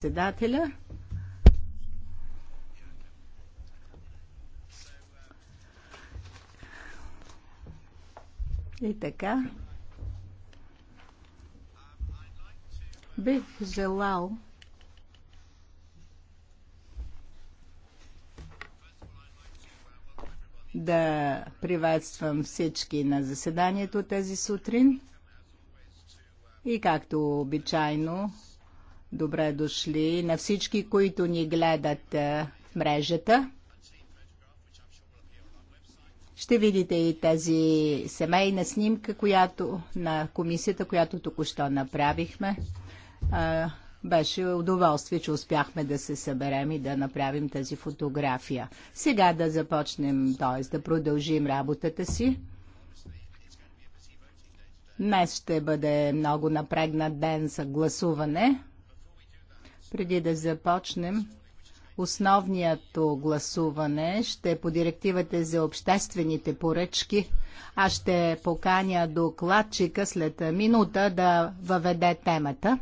председателя. И така. Бих желал да приветствам всички на заседанието тази сутрин и както обичайно Добре дошли на всички, които ни гледат в мрежата. Ще видите и тази семейна снимка, която на комисията, която току-що направихме. беше удоволствие, че успяхме да се съберем и да направим тази фотография. Сега да започнем, т.е. да продължим работата си. Днес ще бъде много напрегнат ден за гласуване. Преди да започнем, основното гласуване ще е по директивата за обществените поръчки. Аз ще поканя докладчика след минута да въведе темата.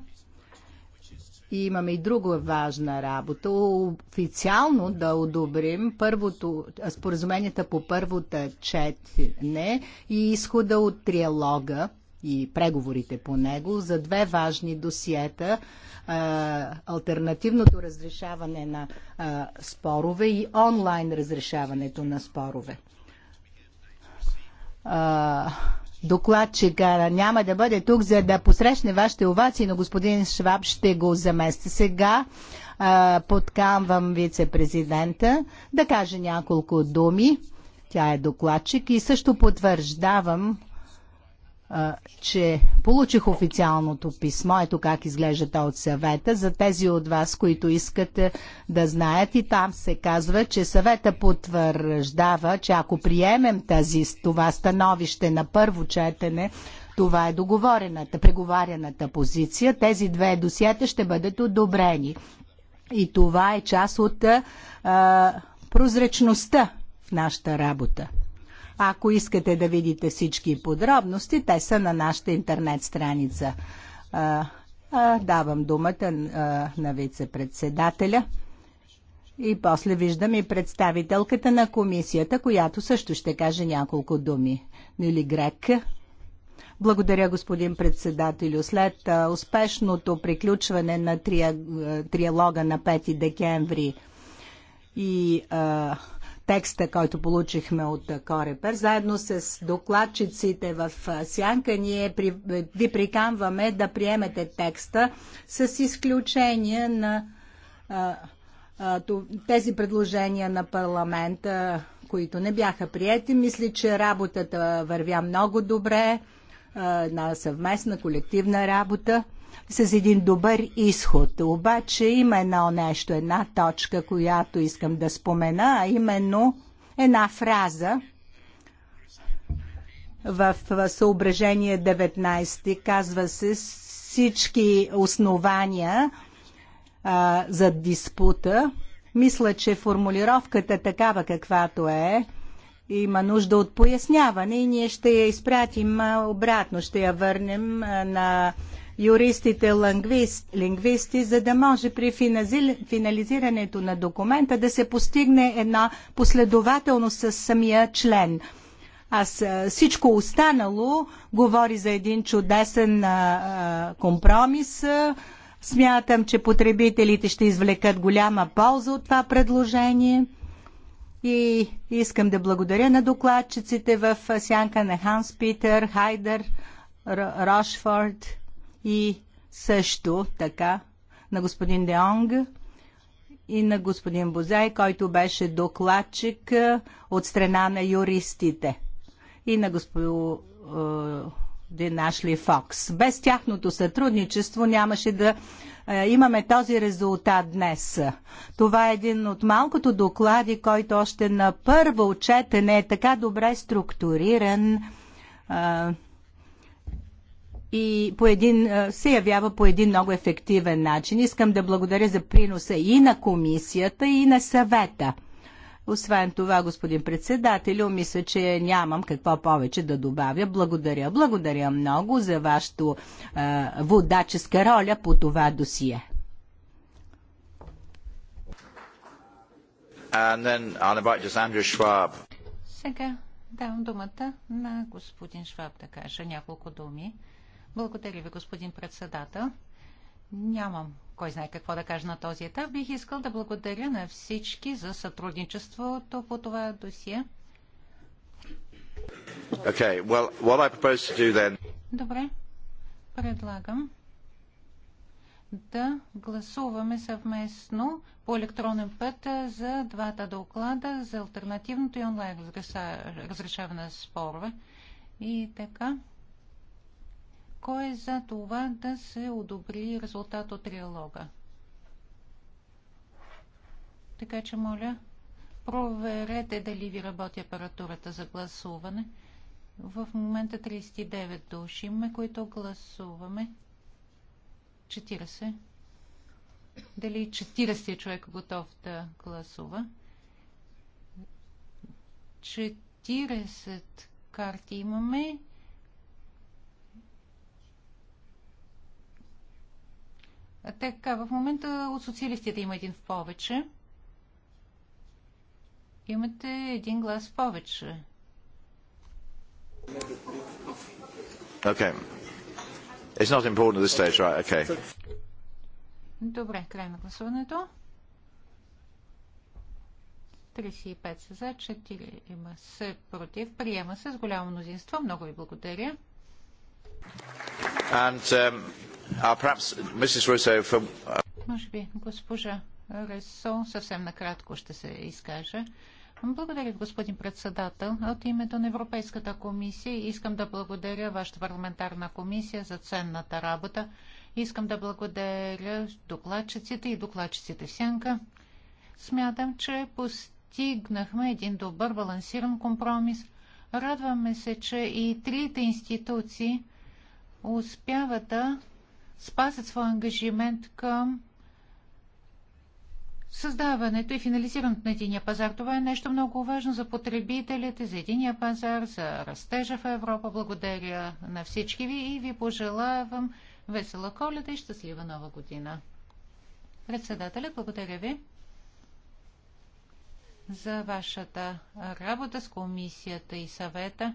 И имаме и друга важна работа. Официално да одобрим първото, споразуменията по първата четене и изхода от триалога и преговорите по него за две важни досиета альтернативното разрешаване на спорове и онлайн разрешаването на спорове. Докладчика няма да бъде тук, за да посрещне вашите овации, но господин Шваб ще го замести сега. Подкамвам вице-президента да каже няколко думи. Тя е докладчик и също потвърждавам че получих официалното писмо, ето как изглежда то от съвета, за тези от вас, които искат да знаят и там се казва, че съвета потвърждава, че ако приемем тази, това становище на първо четене, това е договорената, преговаряната позиция, тези две досиета ще бъдат одобрени. И това е част от а, прозрачността в нашата работа. Ако искате да видите всички подробности, те са на нашата интернет страница. А, а, давам думата а, на вице-председателя. И после виждам и представителката на комисията, която също ще каже няколко думи. Нили Грек. Благодаря, господин председателю. След а, успешното приключване на триалога на 5 декември и а, текста, който получихме от Корепер. Заедно с докладчиците в Сянка ние при, ви приканваме да приемете текста с изключение на а, а, тези предложения на парламента, които не бяха прияти. Мисля, че работата вървя много добре, на съвместна колективна работа с един добър изход. Обаче има едно нещо, една точка, която искам да спомена, а именно една фраза в съображение 19 казва се всички основания а, за диспута. Мисля, че формулировката такава каквато е, има нужда от поясняване и ние ще я изпратим обратно, ще я върнем на юристите-лингвисти, лингвисти, за да може при финализирането на документа да се постигне една последователност с самия член. Аз всичко останало говори за един чудесен а, компромис. Смятам, че потребителите ще извлекат голяма полза от това предложение. И искам да благодаря на докладчиците в сянка на Ханс Питер, Хайдер, Рошфорд и също така на господин Деонг и на господин Бозай, който беше докладчик е, от страна на юристите и на господин е, Ашли Фокс. Без тяхното сътрудничество нямаше да е, имаме този резултат днес. Това е един от малкото доклади, който още на първо четене е така добре структуриран, и по един, се явява по един много ефективен начин. Искам да благодаря за приноса и на комисията, и на съвета. Освен това, господин председателю, мисля, че нямам какво повече да добавя. Благодаря. Благодаря много за вашето е, водаческа роля по това досие. Сега давам думата на господин Шваб да каже няколко думи. Благодаря ви, господин председател. Нямам кой знае какво да кажа на този етап. Бих искал да благодаря на всички за сътрудничеството по това досие. Okay, well, what I propose to do then... Добре. Предлагам да гласуваме съвместно по електронен път за двата доклада за альтернативното и онлайн разрешаване на спорове. И така. Кой е за това да се одобри резултат от триалога? Така че, моля, проверете дали ви работи апаратурата за гласуване. В момента 39 души имаме, които гласуваме. 40. Дали 40 човек готов да гласува? 40 карти имаме. Така, в момента от социалистите има един в повече. Имате един глас повече. Okay. It's not important at this stage, right? Okay. Добре, край на гласуването. 35 са за, 4 има се против. Приема се с голямо мнозинство. Много ви благодаря. And, um... Uh, Russo, from... Uh, Може би госпожа Ресо съвсем накратко ще се изкаже. Благодаря, господин председател. От името на Европейската комисия искам да благодаря вашата парламентарна комисия за ценната работа. Искам да благодаря докладчиците и докладчиците в сянка. Смятам, че постигнахме един добър балансиран компромис. Радваме се, че и трите институции успяват да спазят своя ангажимент към създаването и финализирането на единия пазар. Това е нещо много важно за потребителите, за единия пазар, за растежа в Европа. Благодаря на всички ви и ви пожелавам весела коледа и щастлива нова година. Председателя, благодаря ви за вашата работа с комисията и съвета.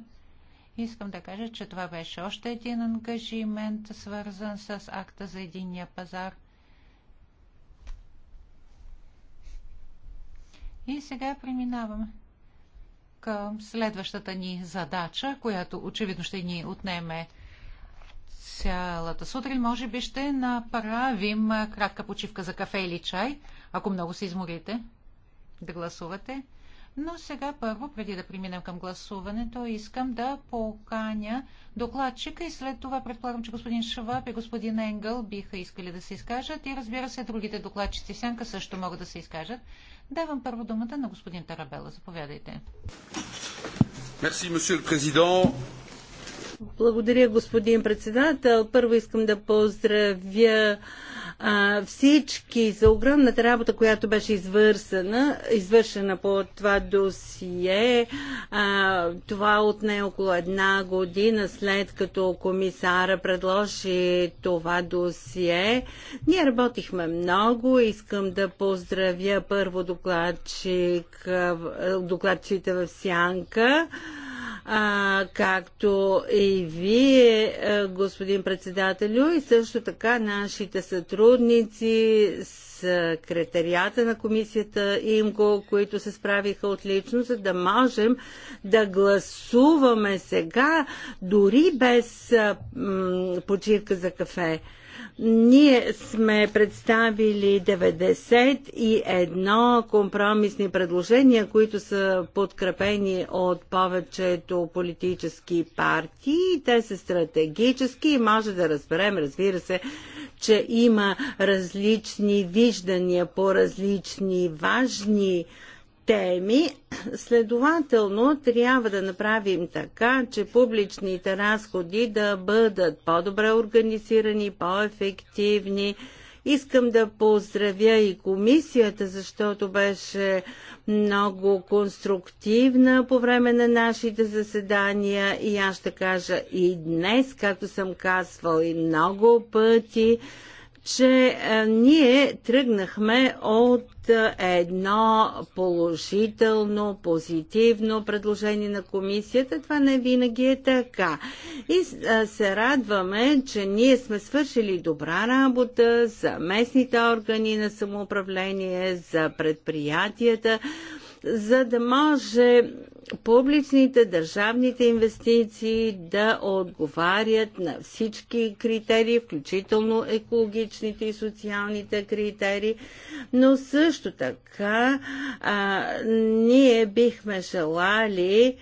Искам да кажа, че това беше още един ангажимент, свързан с акта за единния пазар. И сега преминавам към следващата ни задача, която очевидно ще ни отнеме цялата сутрин. Може би ще направим кратка почивка за кафе или чай, ако много се изморите да гласувате. Но сега първо, преди да преминем към гласуването, искам да поканя докладчика и след това предполагам, че господин Шваб и господин Енгъл биха искали да се изкажат и разбира се, другите докладчици Сянка също могат да се изкажат. Давам първо думата на господин Тарабела. Заповядайте. Мерси, месье президент. Благодаря, господин председател. Първо искам да поздравя а, всички за огромната работа, която беше извършена, извършена по това досие. А, това отне около една година след като комисара предложи това досие. Ние работихме много. Искам да поздравя първо докладчик, докладчите в Сянка а, както и вие, е, господин председателю, и също така нашите сътрудници, с секретарията на комисията ИМКО, които се справиха отлично, за да можем да гласуваме сега, дори без почивка за кафе. Ние сме представили 91 компромисни предложения, които са подкрепени от повечето политически партии. Те са стратегически и може да разберем, разбира се, че има различни виждания по различни важни теми. Следователно, трябва да направим така, че публичните разходи да бъдат по-добре организирани, по-ефективни. Искам да поздравя и комисията, защото беше много конструктивна по време на нашите заседания и аз ще кажа и днес, както съм казвал и много пъти, че е, ние тръгнахме от е, едно положително, позитивно предложение на комисията. Това не винаги е така. И е, се радваме, че ние сме свършили добра работа за местните органи на самоуправление, за предприятията, за да може публичните държавните инвестиции да отговарят на всички критерии, включително екологичните и социалните критерии, но също така а, ние бихме желали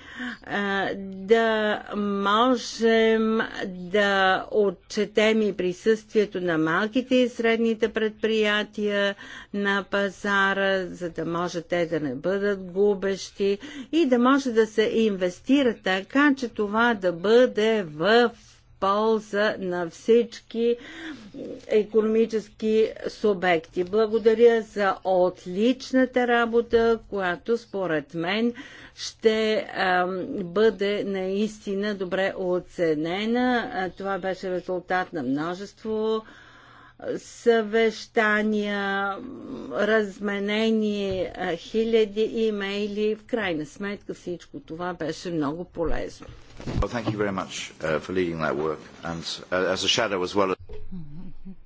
а, да можем да отчетем и присъствието на малките и средните предприятия на пазара, за да може те да не бъдат губещи и да може да се инвестира така, че това да бъде в полза на всички економически субекти. Благодаря за отличната работа, която според мен ще а, бъде наистина добре оценена. Това беше резултат на множество съвещания, разменени хиляди имейли. В крайна сметка всичко това беше много полезно. Uh, uh,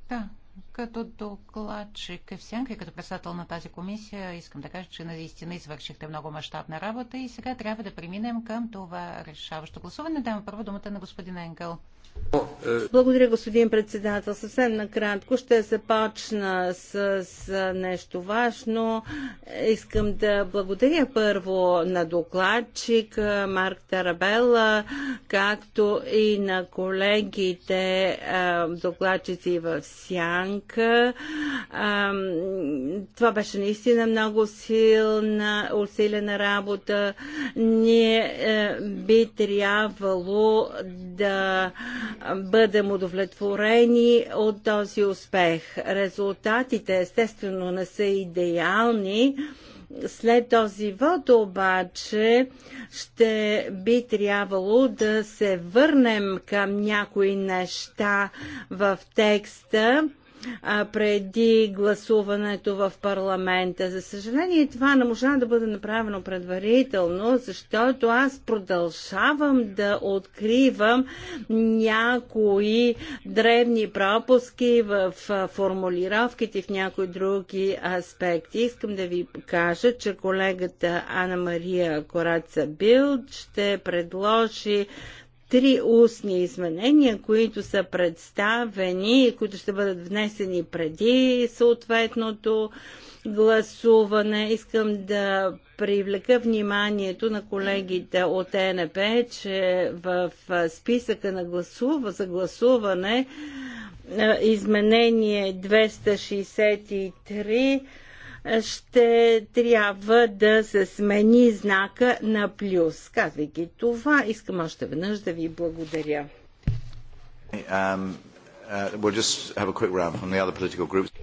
да, като докладчик и е всянка, и като председател на тази комисия искам да кажа, че наистина извършихте много мащабна работа и сега трябва да преминем към това решаващо гласуване. Дам първо думата на господин Енгъл. Благодаря, господин председател. Съвсем накратко ще започна с, с нещо важно. Искам да благодаря първо на докладчик Марк Тарабела, както и на колегите докладчици в Сянка. Това беше наистина много силна, усилена работа. Ние би трябвало да бъдем удовлетворени от този успех. Резултатите естествено не са идеални. След този вод обаче ще би трябвало да се върнем към някои неща в текста а, преди гласуването в парламента. За съжаление, това не можа да бъде направено предварително, защото аз продължавам да откривам някои древни пропуски в формулировките в някои други аспекти. Искам да ви кажа, че колегата Анна Мария Кораца Билд ще предложи три устни изменения, които са представени и които ще бъдат внесени преди съответното гласуване. Искам да привлека вниманието на колегите от ЕНП, че в списъка на гласува, за гласуване изменение 263 ще трябва да се смени знака на плюс. Казвайки това, искам още веднъж да ви благодаря. Um, uh,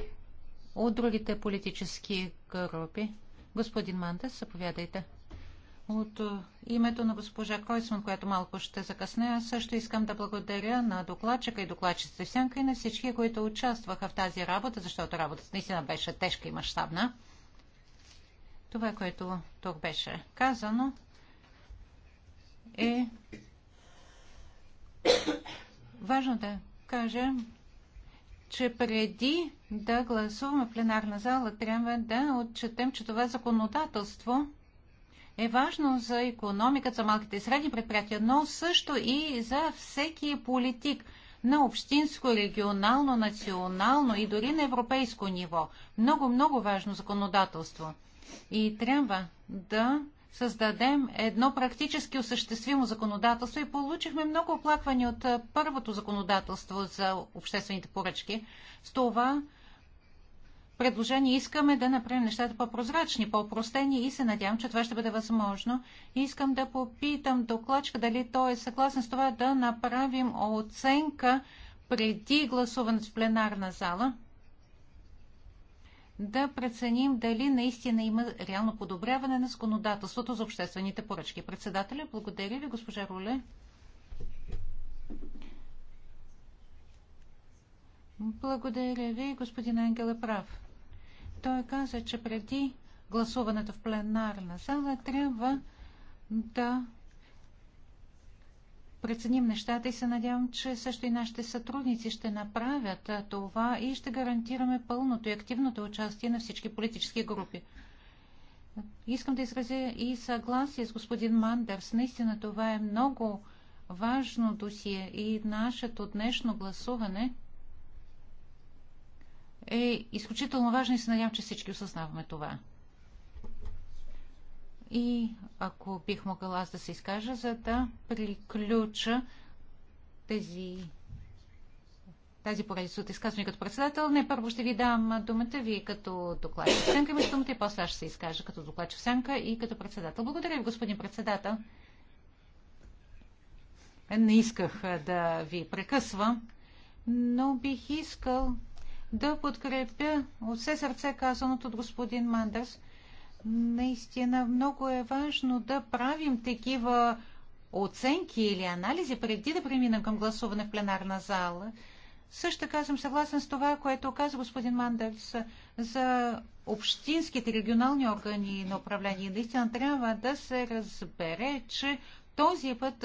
От другите политически групи. Господин Манта, заповядайте. От е, името на госпожа Койсман, която малко ще закъсне, аз също искам да благодаря на докладчика и докладчицата Сянка и на всички, които участваха в тази работа, защото работата наистина беше тежка и мащабна. Това, което тук беше казано, е важно да кажем, че преди да гласуваме в пленарна зала, трябва да отчетем, че това законодателство – е важно за економиката, за малките и средни предприятия, но също и за всеки политик на общинско, регионално, национално и дори на европейско ниво. Много, много важно законодателство. И трябва да създадем едно практически осъществимо законодателство и получихме много оплаквания от първото законодателство за обществените поръчки. С това предложение искаме да направим нещата по-прозрачни, по-простени и се надявам, че това ще бъде възможно. Искам да попитам докладчика дали той е съгласен с това да направим оценка преди гласуване в пленарна зала, да преценим дали наистина има реално подобряване на законодателството за обществените поръчки. Председателя, благодаря ви, госпожа Руле. Благодаря ви, господин Ангел е прав. Той каза, че преди гласуването в пленарна зала трябва да преценим нещата и се надявам, че също и нашите сътрудници ще направят това и ще гарантираме пълното и активното участие на всички политически групи. Искам да изразя и съгласие с господин Мандерс. Наистина това е много важно досие и нашето днешно гласуване – е изключително важно и се надявам, че всички осъзнаваме това. И ако бих могъл аз да се изкажа, за да приключа тези тази поредица от изказвания като председател. Не, първо ще ви дам думата ви като докладчик в сянка, между думата и после аз ще се изкажа като докладчик в сянка и като председател. Благодаря ви, господин председател. Не исках да ви прекъсвам, но бих искал да подкрепя от все сърце казаното от господин Мандърс. Наистина много е важно да правим такива оценки или анализи преди да преминем към гласуване в пленарна зала. Също така съм съгласен с това, което каза господин Мандърс за общинските регионални органи на управление. Наистина трябва да се разбере, че този път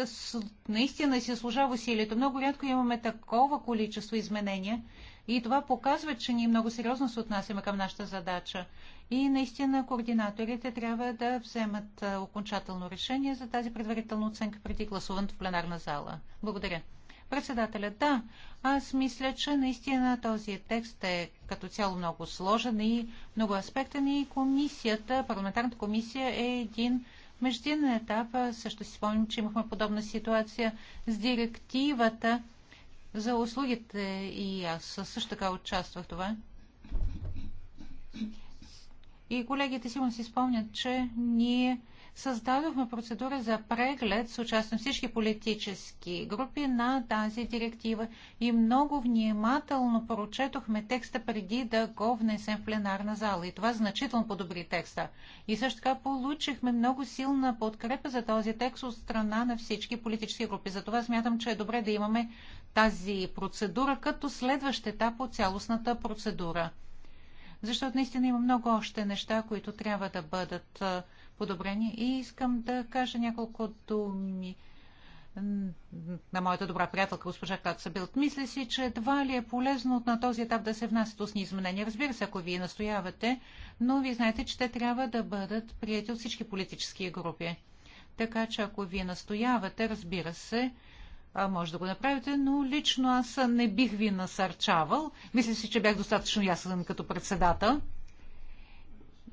наистина си служава усилието. Много рядко имаме такова количество изменения. И това показва, че ние много сериозно се отнасяме към нашата задача. И наистина координаторите трябва да вземат окончателно решение за тази предварителна оценка преди гласуването в пленарна зала. Благодаря. Председателя, да, аз мисля, че наистина този текст е като цяло много сложен и много аспектен и комисията, парламентарната комисия е един междинен етап. Също си спомням, че имахме подобна ситуация с директивата за услугите и аз също така участвах в това. И колегите сигурно си спомнят, че ние създадохме процедура за преглед с участие на всички политически групи на тази директива и много внимателно прочетохме текста преди да го внесем в пленарна зала. И това значително подобри текста. И също така получихме много силна подкрепа за този текст от страна на всички политически групи. Затова смятам, че е добре да имаме тази процедура като следващ етап от цялостната процедура. Защото наистина има много още неща, които трябва да бъдат подобрени. И искам да кажа няколко думи на моята добра приятелка госпожа Кацабилт. Мисля си, че едва ли е полезно на този етап да се внасят устни изменения. Разбира се, ако вие настоявате, но вие знаете, че те трябва да бъдат прияти от всички политически групи. Така че ако вие настоявате, разбира се, а, може да го направите, но лично аз не бих ви насърчавал. Мисля си, че бях достатъчно ясен като председател.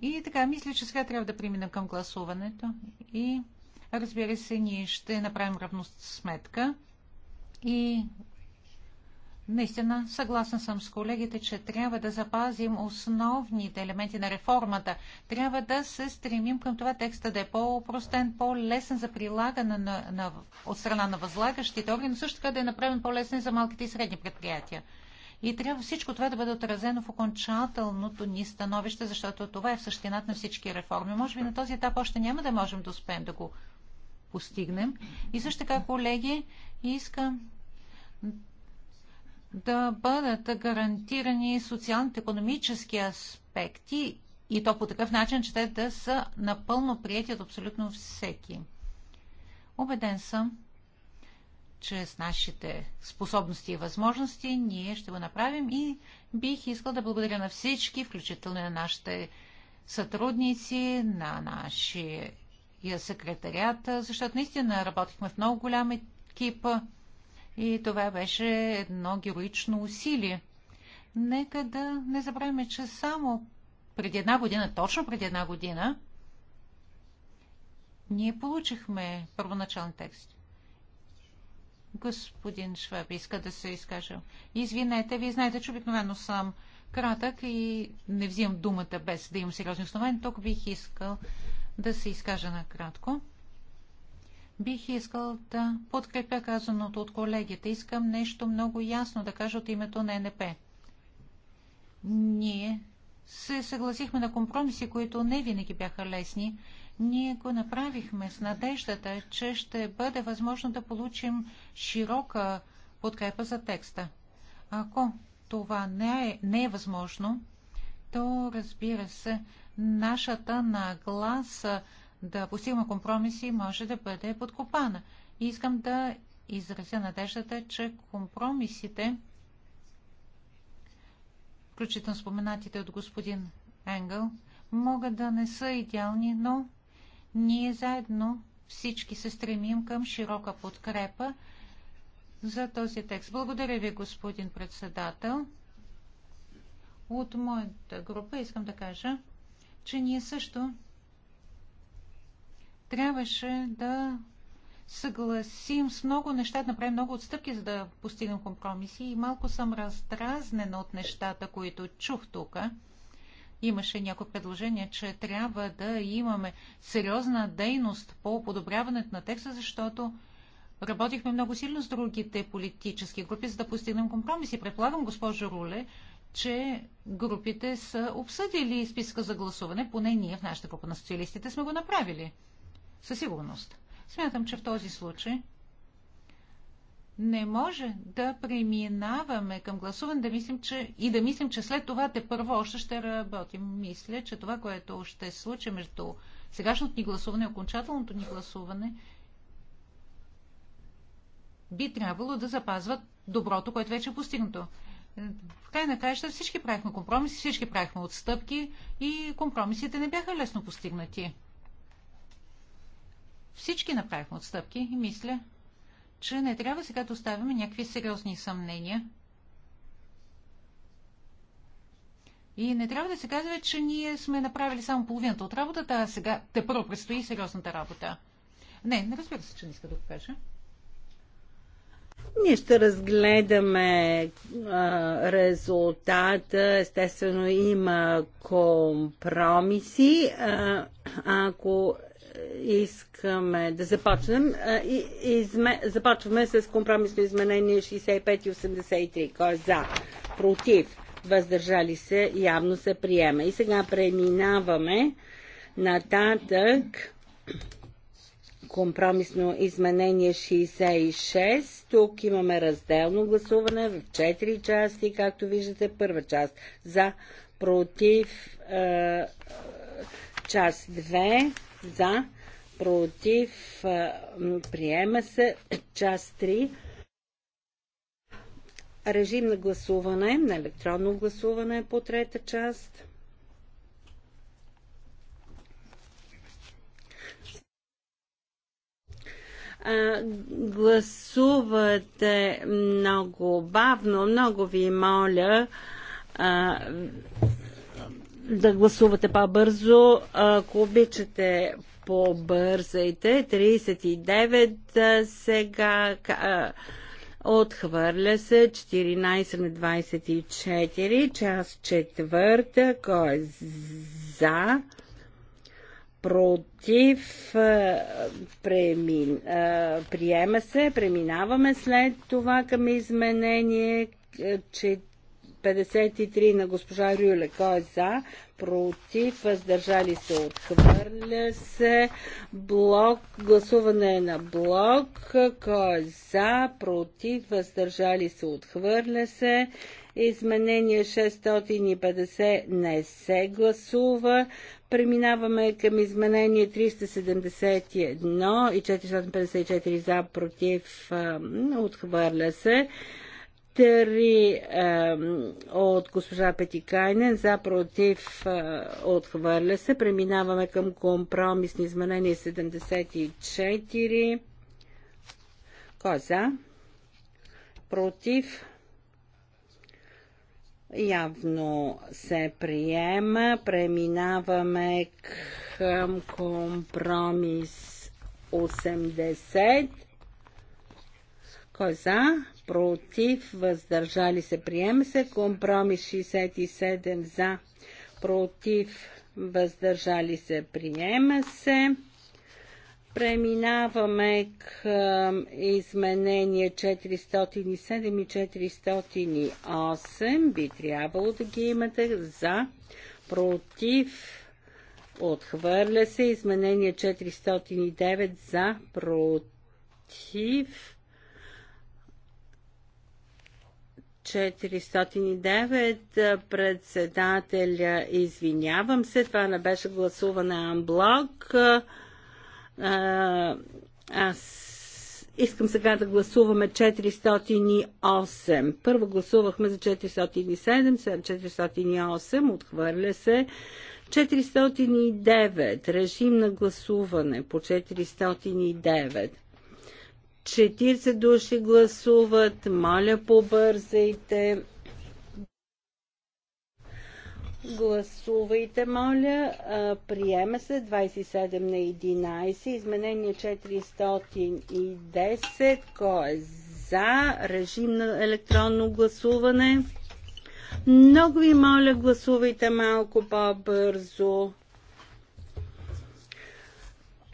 И така, мисля, че сега трябва да преминем към гласуването. И разбира се, ние ще направим равност сметка и Наистина, съгласен съм с колегите, че трябва да запазим основните елементи на реформата. Трябва да се стремим към това текста да е по-простен, по-лесен за прилагане на, на, от страна на възлагащите органи, но също така да е направен по-лесен за малките и средни предприятия. И трябва всичко това да бъде отразено в окончателното ни становище, защото това е в същината на всички реформи. Може би на този етап още няма да можем да успеем да го постигнем. И също така, колеги, искам да бъдат гарантирани социално-економически аспекти и то по такъв начин, че те да са напълно прияти от абсолютно всеки. Обеден съм, че с нашите способности и възможности ние ще го направим и бих искал да благодаря на всички, включително на нашите сътрудници, на нашия секретарията, защото наистина работихме в много голям екип. И това беше едно героично усилие. Нека да не забравяме, че само преди една година, точно преди една година, ние получихме първоначален текст. Господин Шваб иска да се изкаже. Извинете, вие знаете, че обикновено съм кратък и не взимам думата без да имам сериозни основания. Тук бих искал да се изкажа накратко. Бих искал да подкрепя казаното от колегите. Искам нещо много ясно да кажа от името на НП. Ние се съгласихме на компромиси, които не винаги бяха лесни. Ние го направихме с надеждата, че ще бъде възможно да получим широка подкрепа за текста. Ако това не е, не е възможно, то разбира се, нашата нагласа да постигаме компромиси, може да бъде подкопана. И искам да изразя надеждата, че компромисите, включително споменатите от господин Енгъл, могат да не са идеални, но ние заедно всички се стремим към широка подкрепа за този текст. Благодаря ви, господин председател. От моята група искам да кажа, че ние също трябваше да съгласим с много неща, да направим много отстъпки, за да постигнем компромиси. И малко съм раздразнена от нещата, които чух тук. Имаше някои предложения, че трябва да имаме сериозна дейност по подобряването на текста, защото работихме много силно с другите политически групи, за да постигнем компромиси. Предполагам, госпожо Руле, че групите са обсъдили списка за гласуване, поне ние в нашата група на социалистите сме го направили. Със сигурност. Смятам, че в този случай не може да преминаваме към гласуване да мислим, че, и да мислим, че след това те първо още ще работим. Мисля, че това, което ще се случи между сегашното ни гласуване и окончателното ни гласуване, би трябвало да запазват доброто, което вече е постигнато. В край на краища всички правихме компромиси, всички правихме отстъпки и компромисите не бяха лесно постигнати. Всички направихме отстъпки и мисля, че не трябва сега да оставяме някакви сериозни съмнения. И не трябва да се казва, че ние сме направили само половината от работата, а сега те първо предстои сериозната работа. Не, не разбира се, че не иска да го кажа. Ние ще разгледаме а, резултата. Естествено, има компромиси. А, ако искаме да започнем. И, изме, започваме с компромисно изменение 65 и 83. Кой е за? Против? Въздържали се? Явно се приема. И сега преминаваме нататък компромисно изменение 66. Тук имаме разделно гласуване в 4 части, както виждате, първа част за против е, част 2 за, против, приема се, част 3. Режим на гласуване, на електронно гласуване по трета част. гласувате много бавно, много ви моля да гласувате по-бързо. Ако обичате, по-бързайте, 39 сега. Отхвърля се 14 на 24, час четвърта, кой е за, против, премин, приема се, преминаваме след това към изменение 53 на госпожа Рюле. Кой е за? Против? Въздържали се? Отхвърля се. Блок. Гласуване е на блок. Кой е за? Против? Въздържали се? Отхвърля се. Изменение 650 не се гласува. Преминаваме към изменение 371 и 454 за против отхвърля се. Три е, от госпожа Петикайнен за против е, отхвърля се. Преминаваме към компромисни изменения 74. Кой е за? Против. Явно се приема. Преминаваме към компромис 80. Кой е за? против, въздържали се, приема се. Компромис 67 за, против, въздържали се, приема се. Преминаваме към изменение 407 и 408. Би трябвало да ги имате за, против, отхвърля се. Изменение 409 за, против, 409. Председателя, извинявам се, това не беше гласуване амблок. Аз искам сега да гласуваме 408. Първо гласувахме за 407, 408, отхвърля се. 409. Режим на гласуване по 409. 40 души гласуват. Моля, побързайте. Гласувайте, моля. Приема се 27 на 11. Изменение 410. Кой е за? Режим на електронно гласуване. Много ви моля, гласувайте малко по-бързо.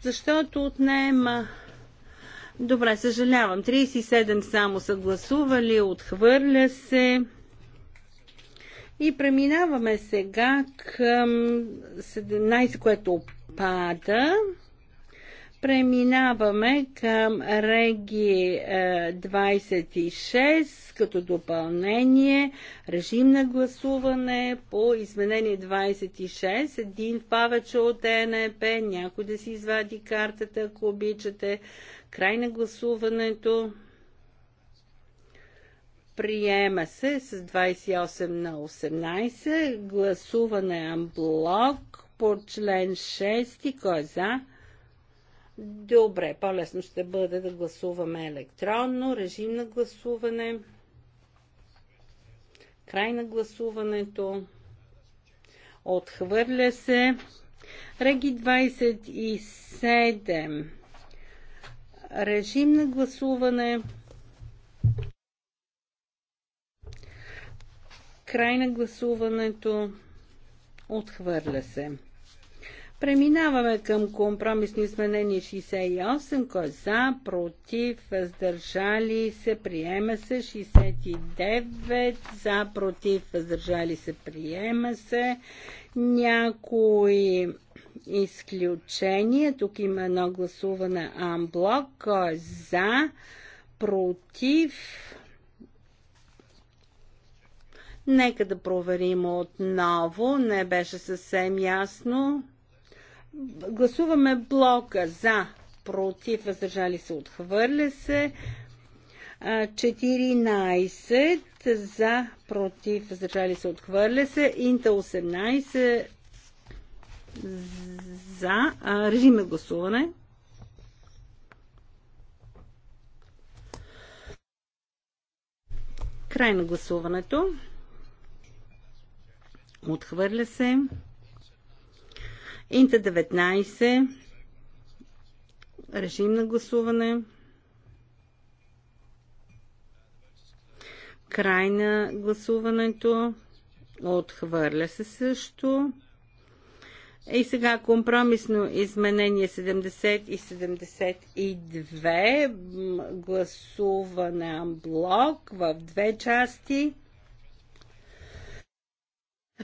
Защото отнема Добре, съжалявам. 37 само са гласували, отхвърля се. И преминаваме сега към 17, което пада. Преминаваме към Реги 26 е, като допълнение, режим на гласуване по изменение 26, един повече от ЕНП, някой да си извади картата, ако обичате. Край на гласуването. Приема се с 28 на 18. Гласуване амблок по член 6. Кой е за? Добре, по-лесно ще бъде да гласуваме електронно. Режим на гласуване. Край на гласуването. Отхвърля се. Реги 27 Режим на гласуване. Край на гласуването. Отхвърля се. Преминаваме към компромисни изменения 68, кой е за, против, въздържали се, приема се, 69, за, против, въздържали се, приема се, някои изключение. Тук има едно гласуване амблок. Кой е за? Против? Нека да проверим отново. Не беше съвсем ясно. Гласуваме блока за, против, въздържали се, отхвърля се. 14 за, против, въздържали се, отхвърля се. Инта 18 за а, режим на гласуване. Край на гласуването. Отхвърля се. Инта 19. Режим на гласуване. Край на гласуването. Отхвърля се също. И сега компромисно изменение 70 и 72, гласуване блок в две части.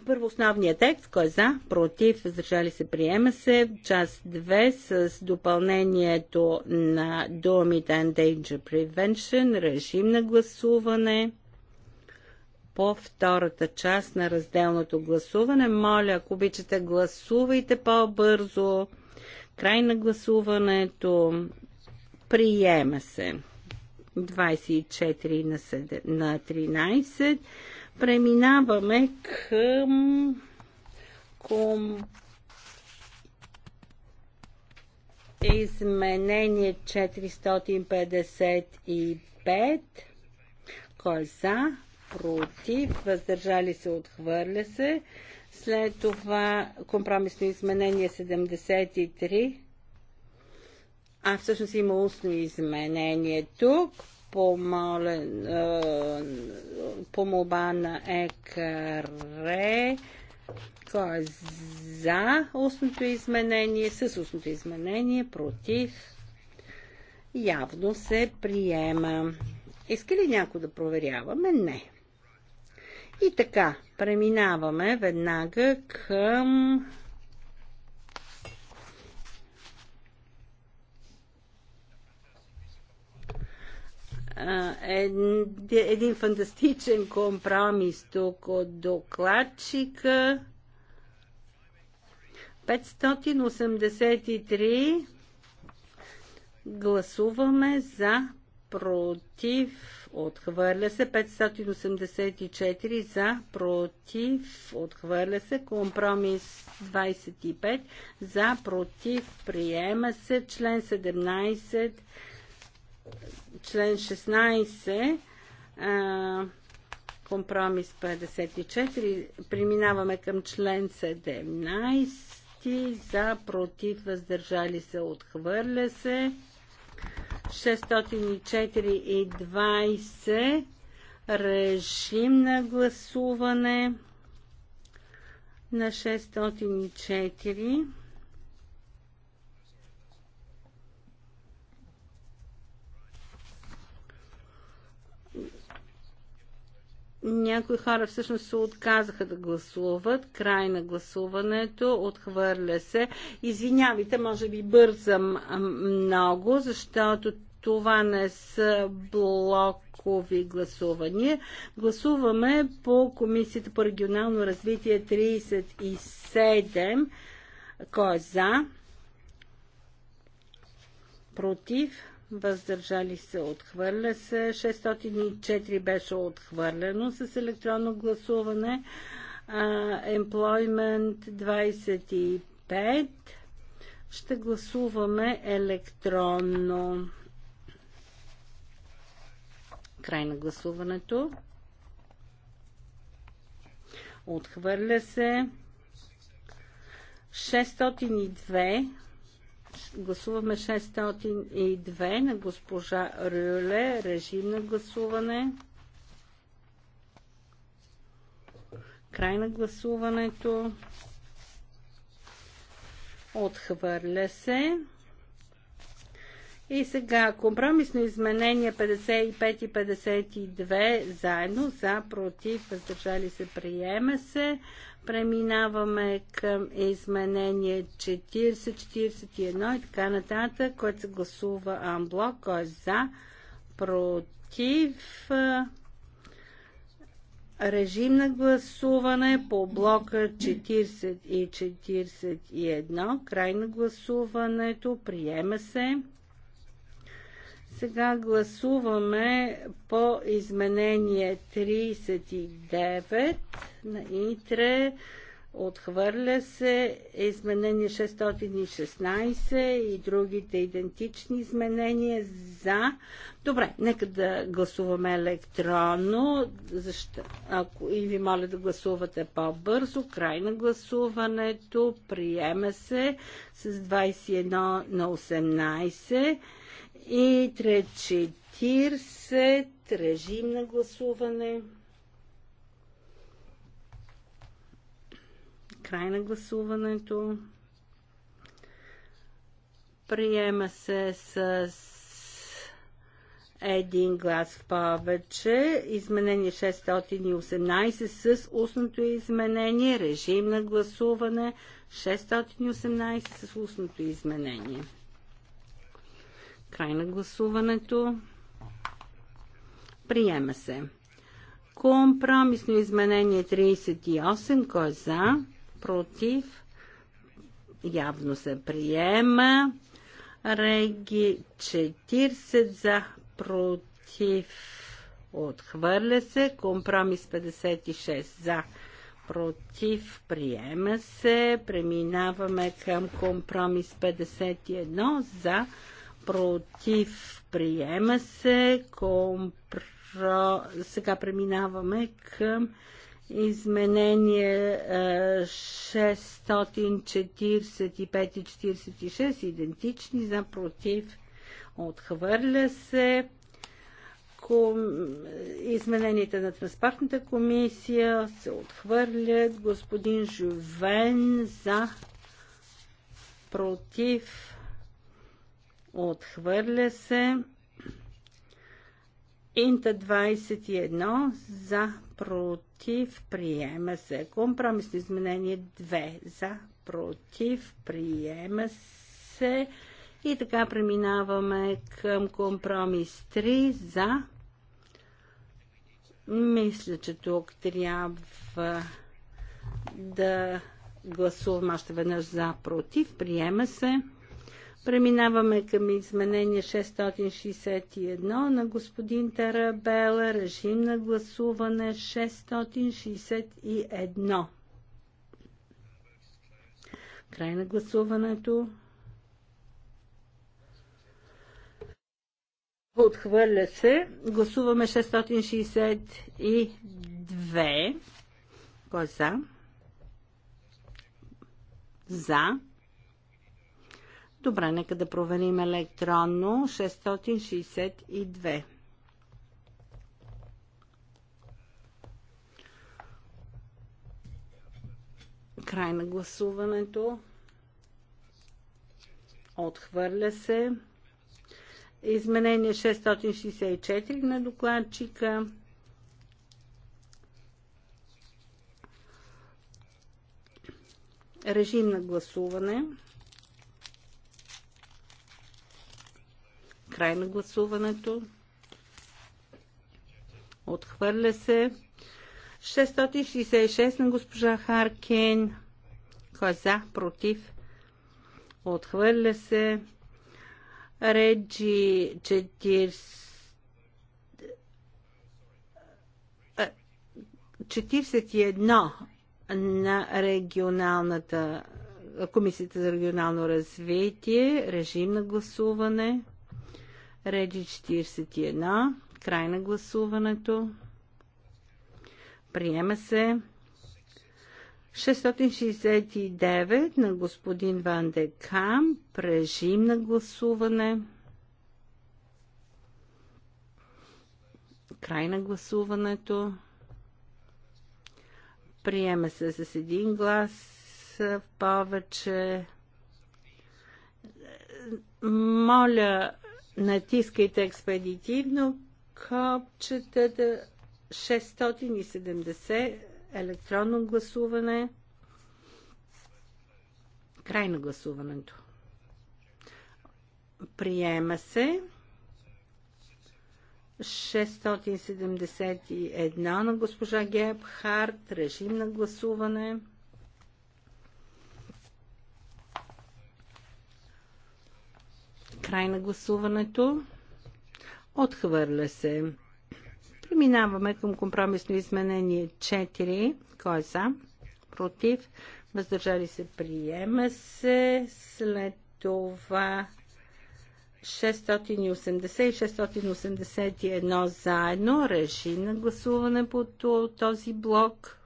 Първо основният текст, кой е за, против, въздържали се, приема се. Част 2 с допълнението на думите Endanger Prevention, режим на гласуване по втората част на разделното гласуване. Моля, ако обичате, гласувайте по-бързо. Край на гласуването. Приема се. 24 на, 13. Преминаваме към, към изменение 455. Кой е за? против, въздържали се, отхвърля се. След това компромисно изменение 73. А, всъщност има устно изменение тук. Помолен, по молба на ЕКРЕ. Кой е за устното изменение? С устното изменение против. Явно се приема. Иска ли някой да проверяваме? Не. И така, преминаваме веднага към един фантастичен компромис тук от докладчика. 583 гласуваме за против Отхвърля се 584 за, против, отхвърля се компромис 25 за, против, приема се член 17, член 16, а, компромис 54. Преминаваме към член 17 за, против, въздържали се, отхвърля се. 604,20. Режим на гласуване на 604. Някои хора всъщност се отказаха да гласуват. Край на гласуването. Отхвърля се. Извинявайте, може би бързам много, защото това не са блокови гласувания. Гласуваме по Комисията по регионално развитие 37. Кой е за? Против? въздържали се, отхвърля се. 604 беше отхвърлено с електронно гласуване. Uh, employment 25 ще гласуваме електронно. Край на гласуването. Отхвърля се. 602 Гласуваме 602 на госпожа Рюле. Режим на гласуване. Край на гласуването. Отхвърля се. И сега компромисно изменение 55 и 52 заедно за, против, въздържали се, приема се. Преминаваме към изменение 40, 41 и така нататък, което се гласува амблок, кой е за, против, режим на гласуване по блока 40 и 41, край на гласуването, приема се. Сега гласуваме по изменение 39 на ИТРЕ. Отхвърля се изменение 616 и другите идентични изменения за. Добре, нека да гласуваме електронно. Защо? Ако и ви моля да гласувате по-бързо, край на гласуването, приема се с 21 на 18. И 3.40. Режим на гласуване. Край на гласуването. Приема се с един глас в повече. Изменение 618 с устното изменение. Режим на гласуване 618 с устното изменение. Край на гласуването. Приема се. Компромисно изменение 38. Кой е за? Против? Явно се приема. Реги 40 за против. Отхвърля се. Компромис 56 за против. Приема се. Преминаваме към компромис 51 за против против, приема се. Компро... Сега преминаваме към изменение 645 е, и 46, идентични за против, отхвърля се. Измененията на транспортната комисия се отхвърлят. Господин Жувен за против Отхвърля се. Инта 21 за против приема се. Компромисно изменение 2 за против приема се. И така преминаваме към компромис 3 за. Мисля, че тук трябва да гласувам още веднъж за против. Приема се. Преминаваме към изменение 661 на господин Тарабела. Режим на гласуване 661. Край на гласуването. Отхвърля се. Гласуваме 662. Кой е за? За. Добре, нека да проверим електронно 662. Край на гласуването. Отхвърля се. Изменение 664 на докладчика. Режим на гласуване. Край на гласуването. Отхвърля се. 666 на госпожа Харкин. Кой е за? Против? Отхвърля се. Реджи 41 на регионалната комисията за регионално развитие, режим на гласуване. Реди 41. Край на гласуването. Приема се. 669 на господин Ван Декам. Режим на гласуване. Край на гласуването. Приема се с един глас повече. Моля, Натискайте експедитивно копчета 670 електронно гласуване. Край на гласуването. Приема се. 671 на госпожа Гебхарт. Режим на гласуване. Край на гласуването. Отхвърля се. Преминаваме към компромисно изменение 4. Кой е за? Против. Въздържали се. Приема се. След това 680 и 681 заедно. Реши на гласуване по този блок.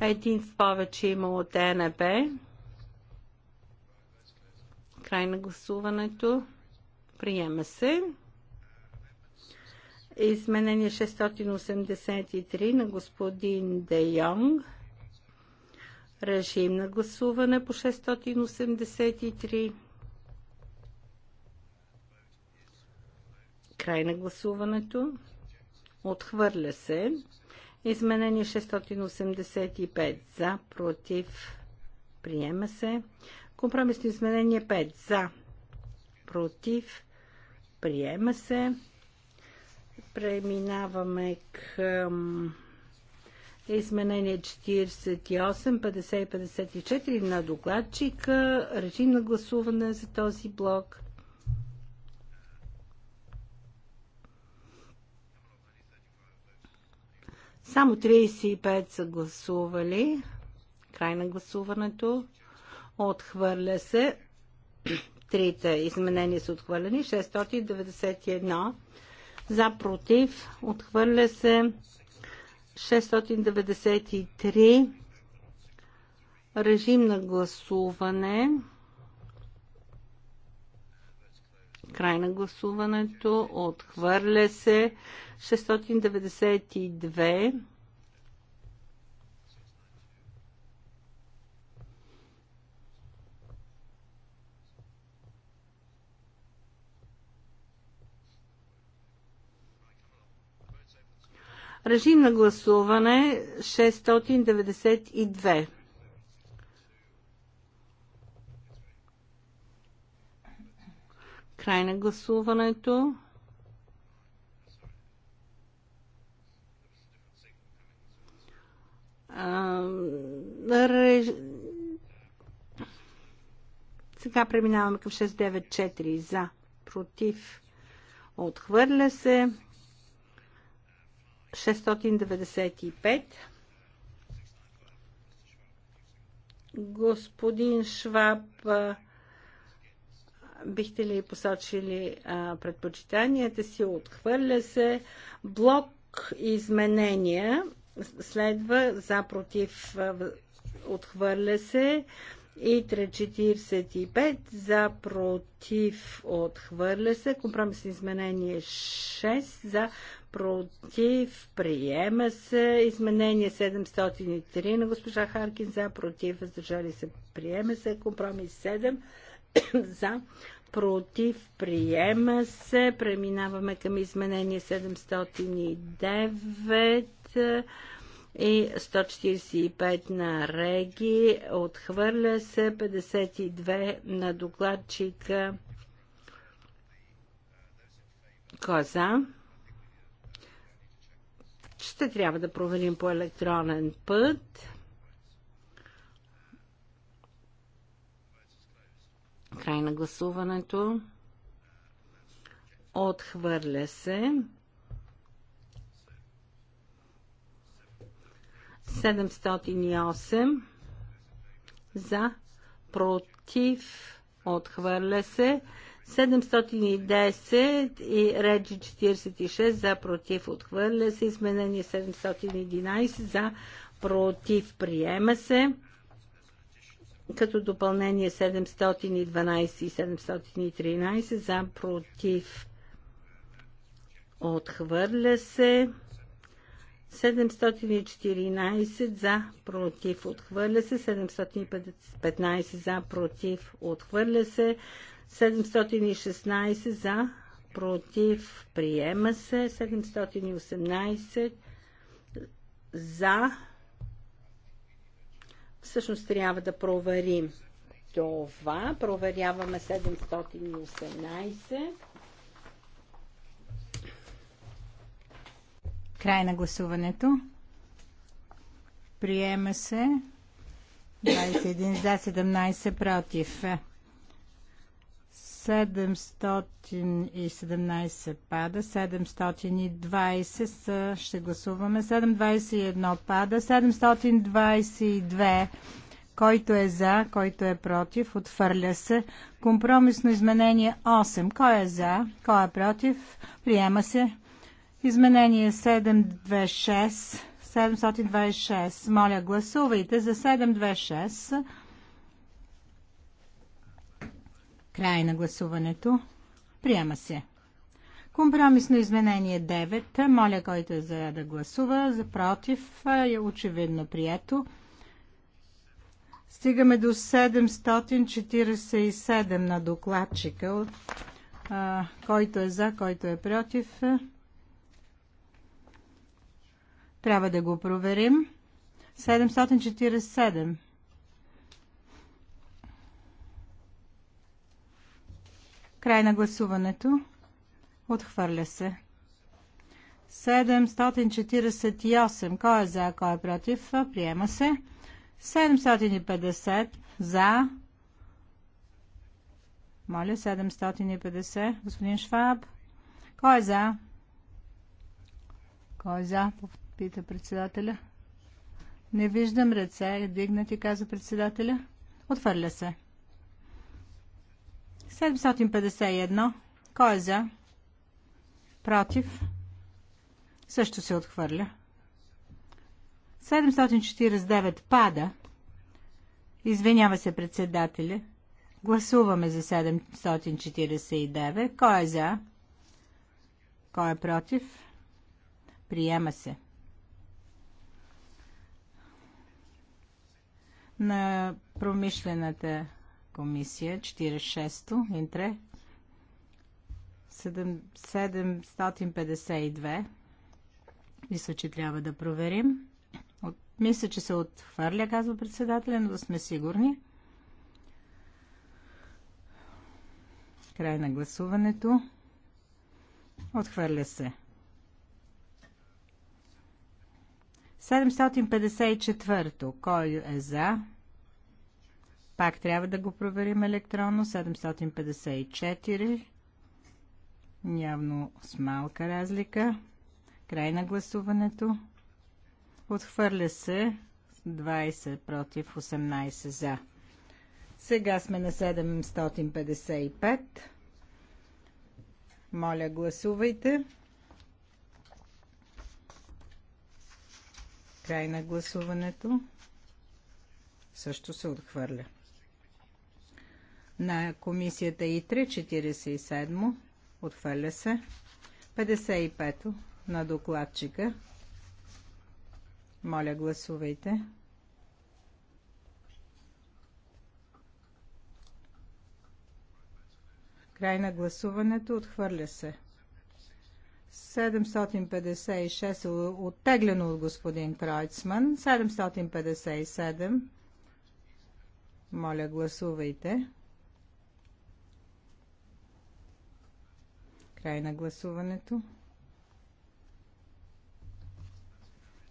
Един с повече има от ДНБ. Край на гласуването. Приема се. Изменение 683 на господин Де Йонг. Режим на гласуване по 683. Край на гласуването. Отхвърля се. Изменение 685 за, против, приема се. Компромисно изменение 5 за, против, приема се. Преминаваме към изменение 48, 50 и 54 на докладчика. Режим на гласуване за този блок. Само 35 са гласували. Край на гласуването. Отхвърля се. Трите изменения са отхвърлени. 691 за против. Отхвърля се. 693 режим на гласуване. Край на гласуването. Отхвърля се. 692. Режим на гласуване 692. Край на гласуването. А, реж... Сега преминаваме към 694 за, против, отхвърля се 695. Господин Шваб, Бихте ли посочили а, предпочитанията си? Отхвърля се. Блок изменения следва за против отхвърля се и 345 за против отхвърля се. Компромис, изменение 6 за против приема се. Изменение 703 на госпожа Харкин за против въздържали се приема се. Компромис 7 за, против, приема се. Преминаваме към изменение 709 и 145 на Реги. Отхвърля се 52 на докладчика Коза. Е Ще трябва да проверим по електронен път. Край на гласуването. Отхвърля се. 708 за, против, отхвърля се. 710 и реджи 46 за, против, отхвърля се. Изменение 711 за, против, приема се като допълнение 712 и 713 за против отхвърля се 714 за против отхвърля се 715 за против отхвърля се 716 за против приема се 718 за Всъщност трябва да проверим това. Проверяваме 718. Край на гласуването. Приема се 21 за 17 против. 717 пада, 720 са, ще гласуваме, 721 пада, 722 който е за, който е против, отвърля се. Компромисно изменение 8. Кой е за, кой е против, приема се. Изменение 726. 726. Моля, гласувайте за 726. Край на гласуването. Приема се. Компромисно изменение 9. Моля, който е за да гласува. За против е очевидно прието. Стигаме до 747 на докладчика. Който е за, който е против. Трябва да го проверим. 747. Край на гласуването. Отхвърля се. 748. Кой е за, кой е против? Приема се. 750 за. Моля, 750. Господин Шваб. Кой е за? Кой е за? Пита председателя. Не виждам ръце. Е Дигнати, каза председателя. Отвърля се. 751. Кой е за? Против? Също се отхвърля. 749 пада. Извинява се председателя. Гласуваме за 749. Кой е за? Кой е против? Приема се. На промишлената комисия, 46-то, Интре, 752. Мисля, че трябва да проверим. От... Мисля, че се отхвърля, казва председателя, но да сме сигурни. Край на гласуването. Отхвърля се. 754. Кой е за? Пак трябва да го проверим електронно. 754. Явно с малка разлика. Край на гласуването. Отхвърля се 20 против 18 за. Сега сме на 755. Моля, гласувайте. Край на гласуването. Също се отхвърля на комисията И3 47. Отхвърля се. 55 на докладчика. Моля, гласувайте. Край на гласуването. Отхвърля се. 756 оттеглено от господин Кройцман. 757. Моля, гласувайте. Край на гласуването.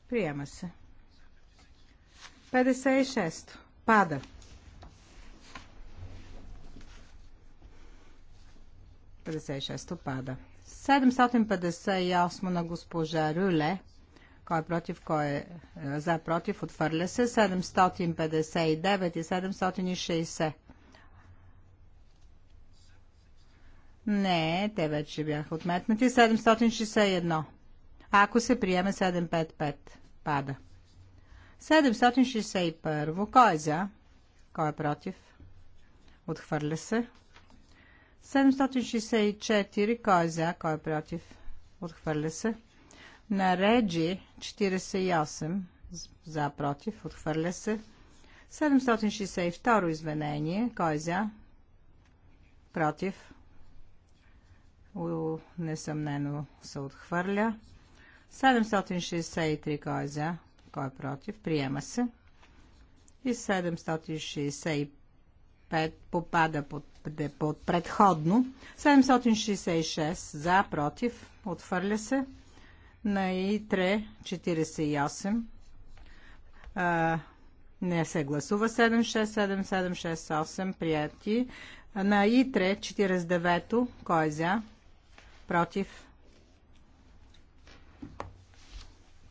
Приема се. 56. Пада. пада. 758 на госпожа Рюле. Кой е против, кой е, е за против, отвърля се. 759 и 760. Не, те вече бяха отметнати. 761. Ако се приеме 755, пада. 761. Кой е за? Кой е против? Отхвърля се. 764. Кой е за? Кой е против? Отхвърля се. На Реджи 48. За, против. Отхвърля се. 762 изменение. Кой е за? Против несъмнено се отхвърля. 763 кой е за, кой е против, приема се. И 765 попада под, под предходно. 766 за, против, отхвърля се. На И3 48 не се гласува 767768. прияти. На И3 49 кой е за, Против.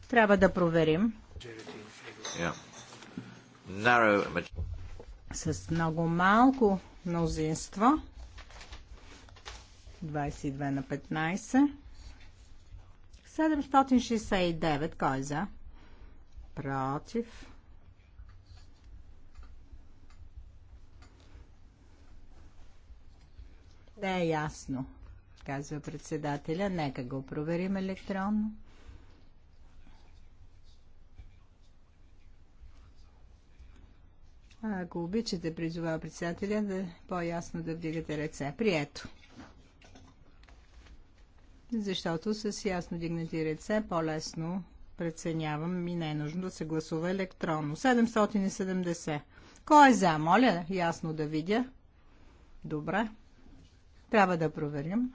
Трябва да проверим. Yeah. С много малко мнозинство. 22 на 15. 769. Кой е за? Против. Не е ясно казва председателя. Нека го проверим електронно. Ако обичате, призовава председателя, да по-ясно да вдигате ръце. Прието. Защото с ясно дигнати ръце по-лесно преценявам и не е нужно да се гласува електронно. 770. Кой е за? Моля, ясно да видя. Добре. Трябва да проверим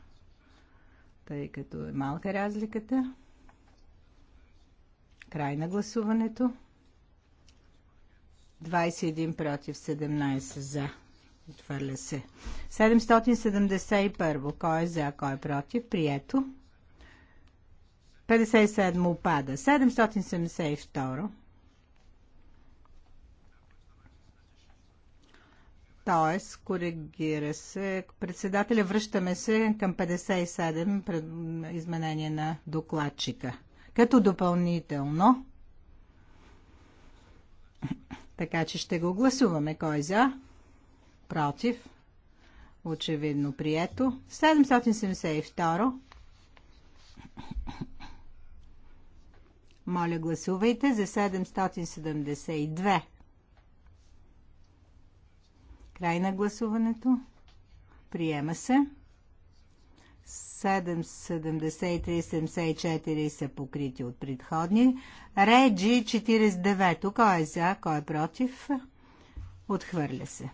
тъй като е малка разликата. Край на гласуването. 21 против 17 за. Отвърля се. 771. Кой е за, кой е против? Прието. 57 опада. 772. Тоест, коригира се. Председателя, връщаме се към 57 пред изменение на докладчика. Като допълнително. Така че ще го гласуваме. Кой е за? Против? Очевидно прието. 772. Моля, гласувайте за 772. Край на гласуването. Приема се. 773, 74 са покрити от предходни. Реджи 49. Кой е за, кой е против? Отхвърля се.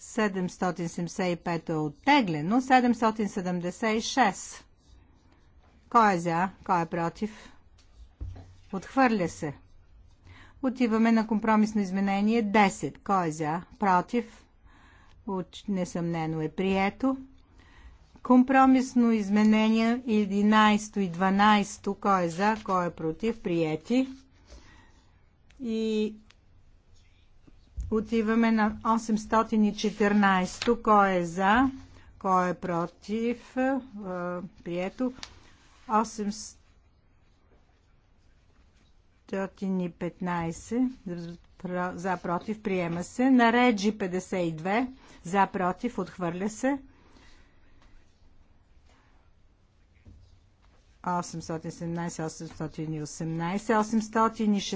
775 е оттеглено. 776. Кой е за, кой е против? Отхвърля се. Отиваме на компромисно изменение 10. Кой е за? Против? Несъмнено е прието. Компромисно изменение 11 и 12. Кой е за? Кой е против? Приети. И отиваме на 814. Кой е за? Кой е против? Е, прието. 415 за против приема се. На Реджи 52 за против отхвърля се. 817, 818,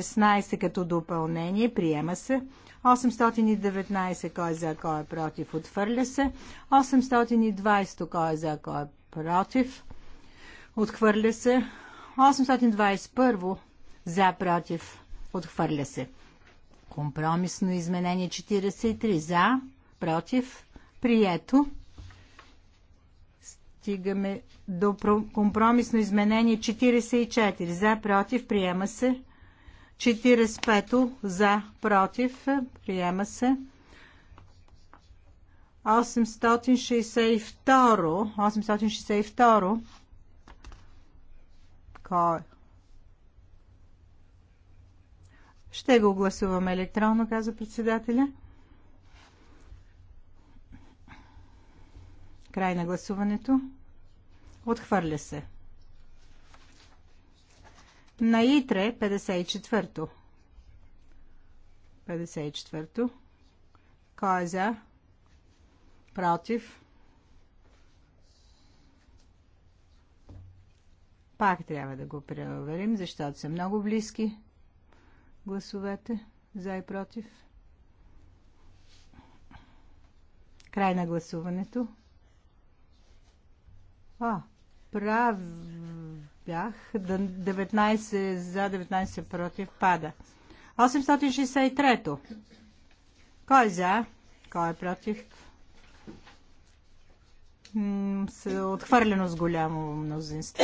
816 като допълнение, приема се. 819, кой е за, кой е против, отхвърля се. 820, кой е за, кой е против, отхвърля се. 821 за, против, отхвърля се. Компромисно изменение 43 за, против, прието. Стигаме до компромисно изменение 44 за, против, приема се. 45 за, против, приема се. 862, 862, кой? Ще го гласуваме електронно, каза председателя. Край на гласуването. Отхвърля се. На Итре 54-то. 54-то. Кой е за? Против? Пак трябва да го преоверим, защото са много близки гласовете за и против. Край на гласуването. А, прав бях. 19 за, 19 против. Пада. 863-то. Кой е за? Кой е против? М- отхвърлено с голямо мнозинство.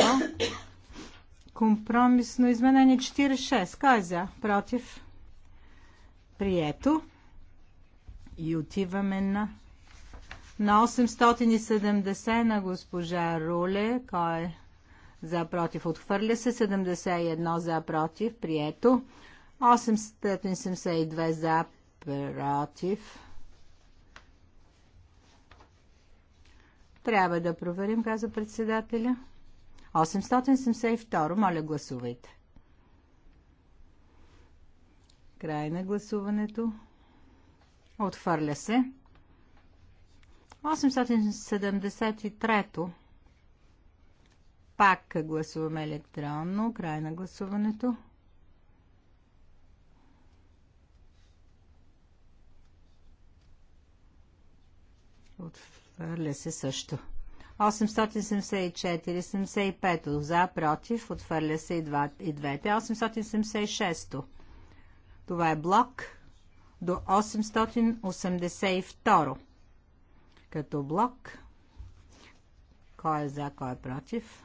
Компромисно изменение 46. Кой е за? Против? Прието. И отиваме на, на 870 на госпожа Руле. Кой е за? Против? Отхвърля се. 71 за? Против? Прието. 872 за? Против? Трябва да проверим, каза председателя. 872. Моля, гласувайте. Край на гласуването. Отхвърля се. 873. Пак гласуваме електронно. Край на гласуването. Отхвърля се също. 874, 75 за, против, отвърля се и, два, и двете. 876 Това е блок до 882 Като блок, кой е за, кой е против,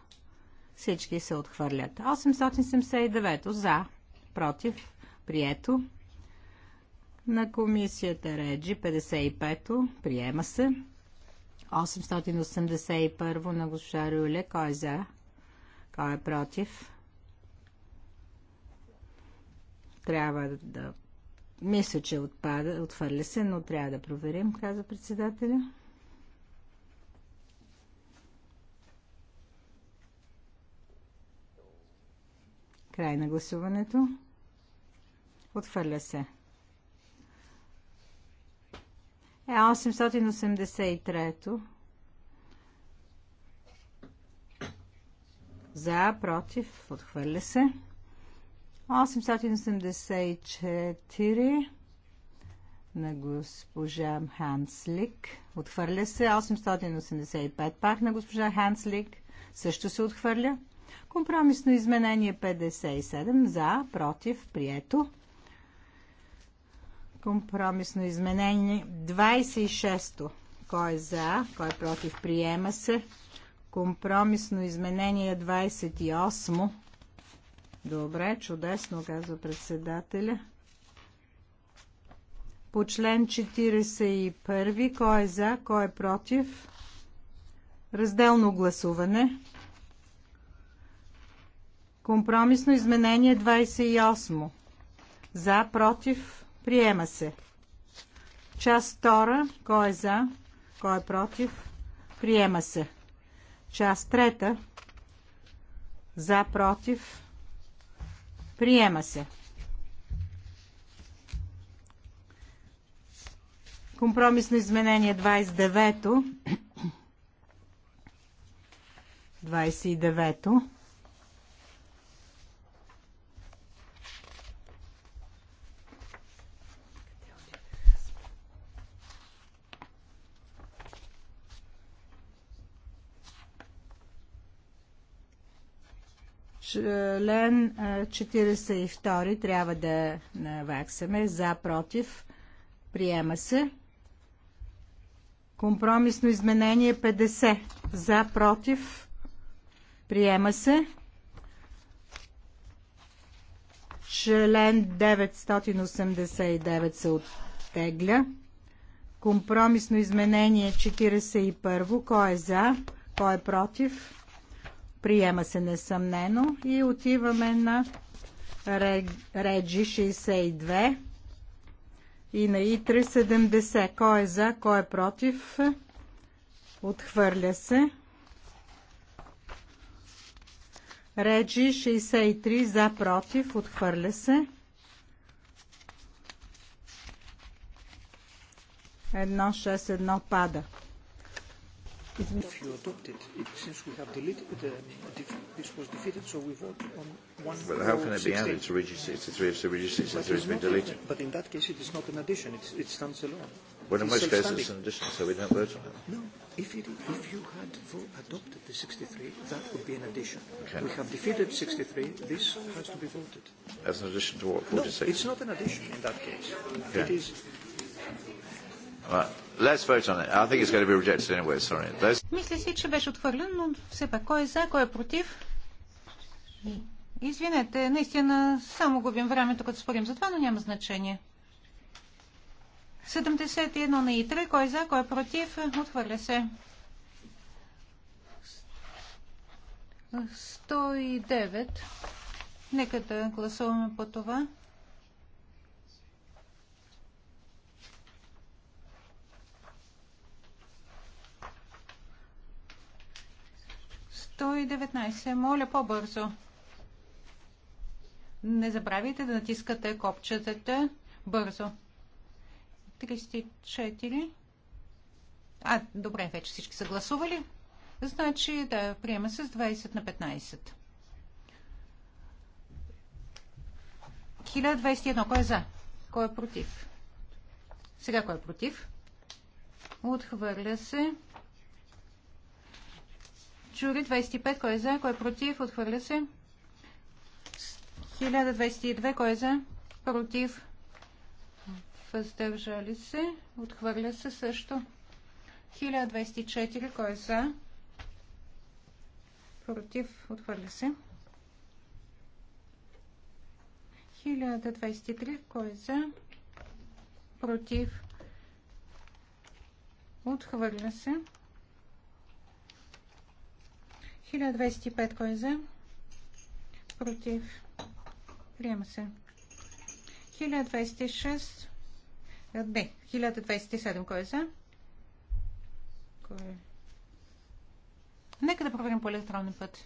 всички се отхвърлят. 879 за, против, прието. На комисията Реджи 55 приема се. 881 на госпожа Рюле. Кой е за? Кой е против? Трябва да... Мисля, че отпада, отвърля се, но трябва да проверим, каза председателя. Край на гласуването. Отвърля се. е 883 За, против, отхвърля се. 884 на госпожа Ханслик. Отхвърля се. 885 пак на госпожа Ханслик. Също се отхвърля. Компромисно изменение 57 за, против, прието. Компромисно изменение 26-то. Кой е за, кой е против, приема се. Компромисно изменение 28-мо. Добре, чудесно, казва председателя. По член 41, кой е за, кой е против? Разделно гласуване. Компромисно изменение 28. За, против, Приема се. Част втора, Кой е за? Кой е против? Приема се. Част трета За, против. Приема се. Компромисно изменение 29-то. 29-то. Член 42 трябва да наваксаме. За, против. Приема се. Компромисно изменение 50. За, против. Приема се. Член 989 се оттегля. Компромисно изменение 41. Кой е за? Кой е против? Приема се несъмнено и отиваме на Реджи 62 и на Итри 70. Кой е за, кой е против? Отхвърля се. Реджи 63 за, против? Отхвърля се. Едно, шест, едно пада. If you adopt it, it since we have deleted the, this was defeated, so we vote on one. Well, how can it be added to Regis 63 if the Regis 63 has been deleted? But in that case, it is not an addition. It's, it stands alone. Well, in most cases, it's an addition, so we don't vote on it. No, if, it, if you had adopted the 63, that would be an addition. Okay. We have defeated 63. This has to be voted. As an addition to what? 46? No, it's not an addition in that case. Okay. It is Let's vote on it. I think it's going to be rejected anyway. Sorry. Мисля си, че беше отхвърлен, но все пак кой е за, кой е против? Извинете, наистина само губим времето, като спорим за това, но няма значение. 71 на ИТРЕ, кой е за, кой е против, отхвърля се. 109. Нека да гласуваме по това. 119. Моля по-бързо. Не забравяйте да натискате копчетата бързо. 34. А, добре, вече всички са гласували. Значи да приема се с 20 на 15. 1021. Кой е за? Кой е против? Сега кой е против? Отхвърля се. Джури 25, кой е за, кой е против, отхвърля се. 1022, кой е за, против, въздържали се, отхвърля се също. 1024, кой е за, против, отхвърля се. 1023, кой е за, против, отхвърля се. 1025 кой е за? Против. Приема се. 1026. Не, 1027 кой е за? Кой е? Нека да проверим по електронен път.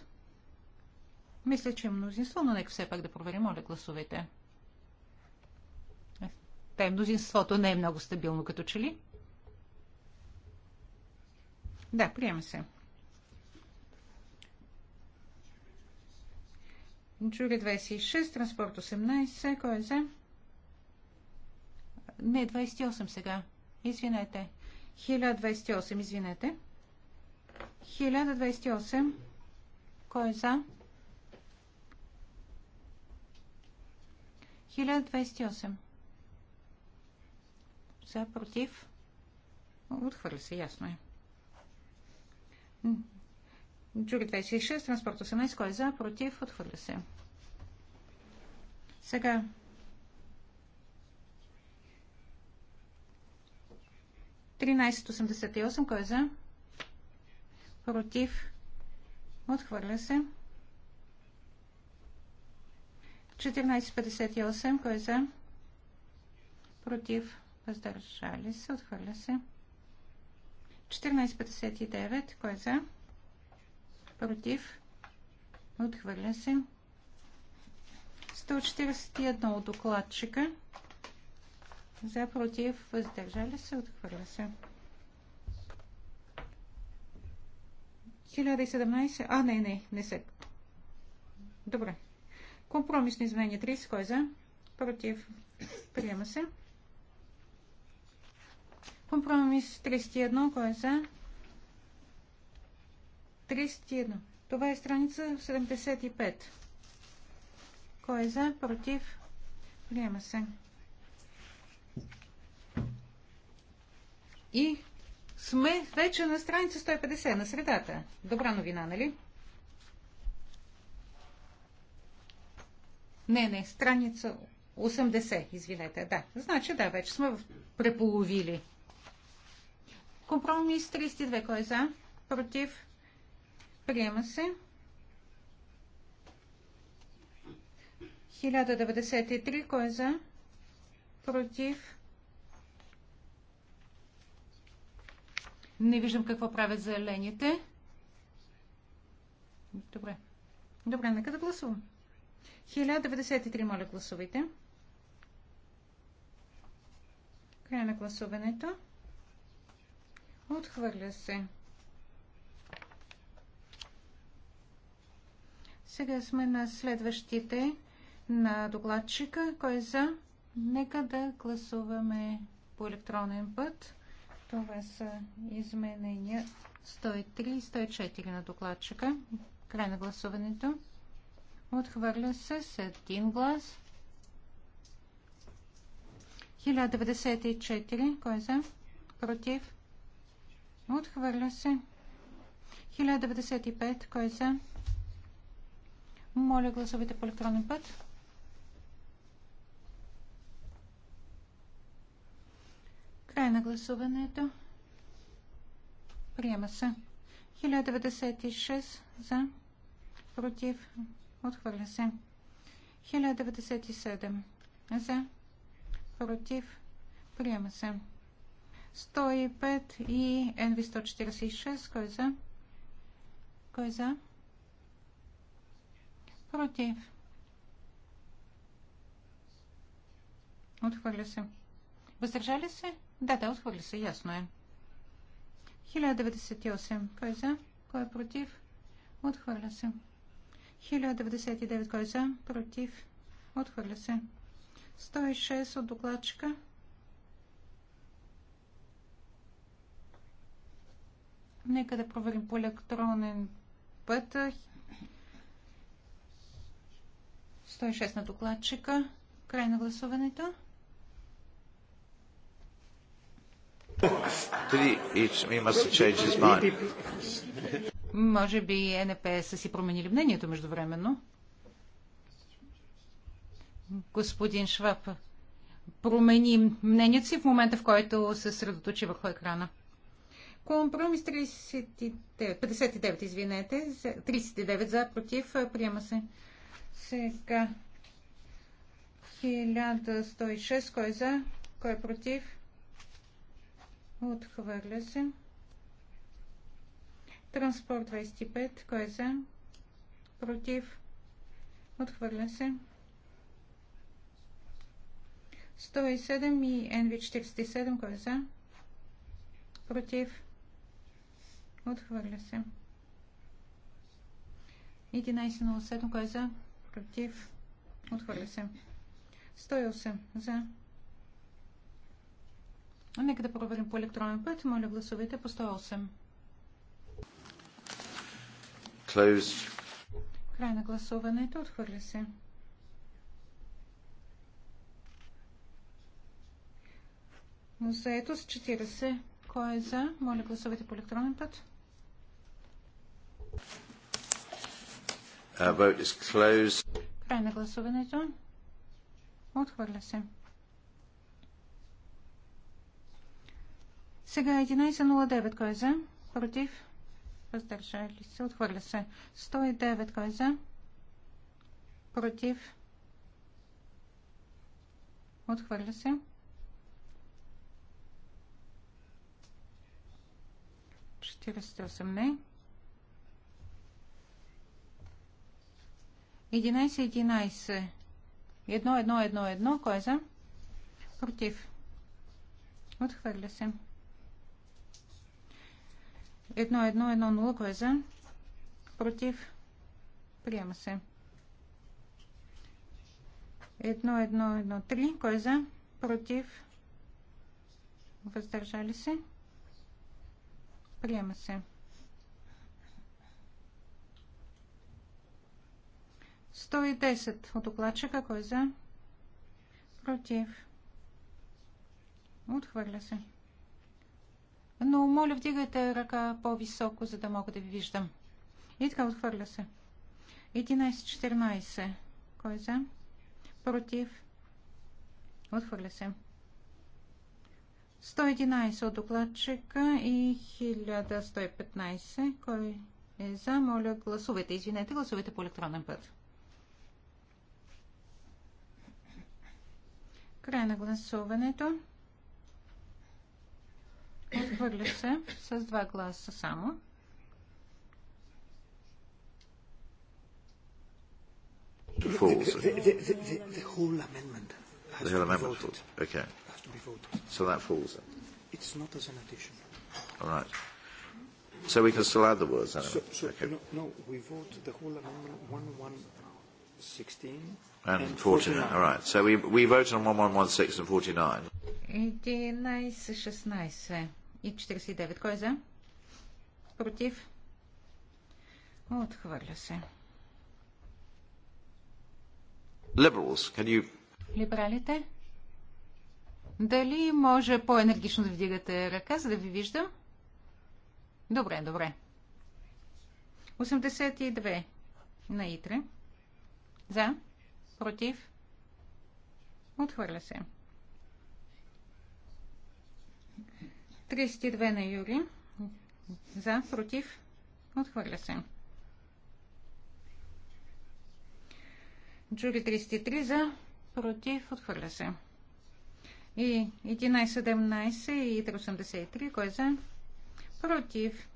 Мисля, че е мнозинство, но нека все пак да проверим. Моля, гласовете. Е, Тай мнозинството не е много стабилно като че ли. Да, приема се. Джури 26, транспорт 18. Кой е за? Не, 28 сега. Извинете. 1028, извинете. 1028. Кой е за? 1028. За, против. Отхвърля се, ясно е. Джури 26, транспорт 18, кой е за, против, отхвърля се. Сега. Тринадесет осемдесет и осем, кой е за? Против. Отхвърля се. 14.58. Кой е за? Против. Въздържали се. Отхвърля се. 14.59. Кой е за? против, отхвърля се. 141 от докладчика, за, против, въздържали се, отхвърля се. 1017, а не, не, не се. Добре. Компромисни изменения. 30, кой е за? Против, приема се. Компромис 31, кой е за? 31. Това е страница 75. Кой е за? Против? Приема се. И сме вече на страница 150, на средата. Добра новина, нали? Не, не, страница 80, извинете, да. Значи, да, вече сме преполовили. Компромис 32, кой е за? Против? Приема се. 1093. Кой е за? Против. Не виждам какво правят заявлените. Добре. Добре, нека да гласувам. 1093, моля, гласувайте. Край на гласуването. Отхвърля се. Сега сме на следващите на докладчика. Кой е за? Нека да гласуваме по електронен път. Това са изменения 103 и 104 на докладчика. Край на гласуването. Отхвърля се с един глас. 1094. Кой е за? Против. Отхвърля се. 1095. Кой е за? Моля, гласувайте по електронен път. Край на гласуването. Приема се. 1096 за. Против. Отхвърля се. 1097 за. Против. Приема се. 105 и NV146. Кой е за? Кой е за? Против. Отхвърля се. Въздържали се? Да, да, отхвърля се. Ясно е. 1098. Кой е за? Кой е против? Отхвърля се. 1099. Кой е за? Против? Отхвърля се. 106 от докладчика. Нека да проверим по електронен път. 106 на докладчика. Край на гласуването. Може би НП са си променили мнението междувременно. Господин Шваб, промени мнението си в момента, в който се средоточи върху екрана. Компромис 39, 59, извинете, 39 за, против, приема се. Сега 1106. Кой е за? Кой е против? Отхвърля се. Транспорт 25. Кой е за? Против? Отхвърля се. 107 и NV47. Кой е за? Против? Отхвърля се. 1107. Кой е за? против, отхвърля се. 108 за. Нека да проверим по електронен път. Моля, гласувайте по 108. Closed. Край на гласуването. Отхвърля се. Заето с 40. Кой е за? Моля, гласувайте по електронен път. Край на гласуването. Отхвърля се. Сега 11.09. Е Кой е за? Против? Въздържали се. Отхвърля се. 109. Кой е за? Против? Отхвърля се. 48 не. 11-11. Едно, едно, едно, едно. Кой е за? Против. Отхвърля се. Едно, едно, едно, нула. Кой е за? Против. Приема се. Едно, едно, едно, три. Кой е за? Против. Въздържали се. Приема се. 110 от докладчика. Кой е за? Против. Отхвърля се. Но, моля, вдигайте ръка по-високо, за да мога да ви виждам. И така, отхвърля се. 11-14. Кой е за? Против. Отхвърля се. 111 от докладчика и 1115. Кой е за? Моля, гласувайте. Извинете, гласувайте по електронен път. Край на гласуването. Отхвърля се с два гласа само. Falls. The, the, the, the whole amendment has the whole to be amendment voted. Falls. Okay. Has to be voted. So that falls. Then. It's not as an addition. All right. So we can still add the words. Anyway. So, so okay. no, no, we vote the whole amendment 1116 And 49. All right. So we, we voted on 1116 and 49. 11-16 и 49. Кой е за? Против? Отхвърля се. Liberals, can you... Либералите? Дали може по-енергично да вдигате ръка, за да ви виждам? Добре, добре. 82 на Итре. За? Против? Отхвърля се. 32 на Юри. За, против, отхвърля се. Джури 33 за, против, отхвърля се. И 11-17 и 83, кой е за? Против,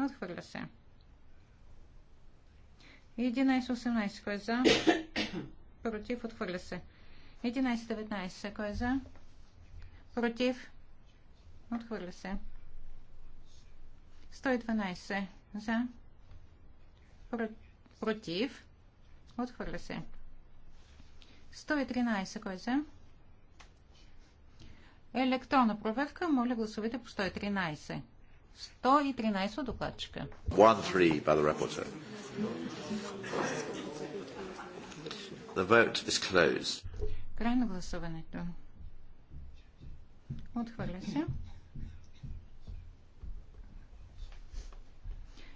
отхвърля се. 11-18, кой е за? против, отхвърля се. 11-19, кой е за? Против, отхвърля се. 112 за, против, отхвърля се. 113, кой е за? Електронна проверка, моля гласовете по 113. 113 докладчика. 1-3 by the reporter. The vote is closed. Край на гласуването. Отхвърля се.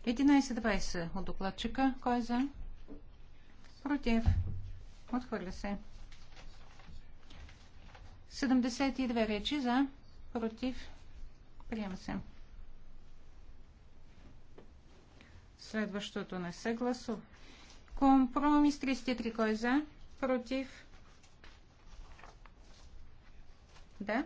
11.20 от докладчика. Кой е за? Против. Отхвърля се. 72 речи за. Против. Приема се. Следващото не се гласува. Компромис 33. Кой е за? Против? Да.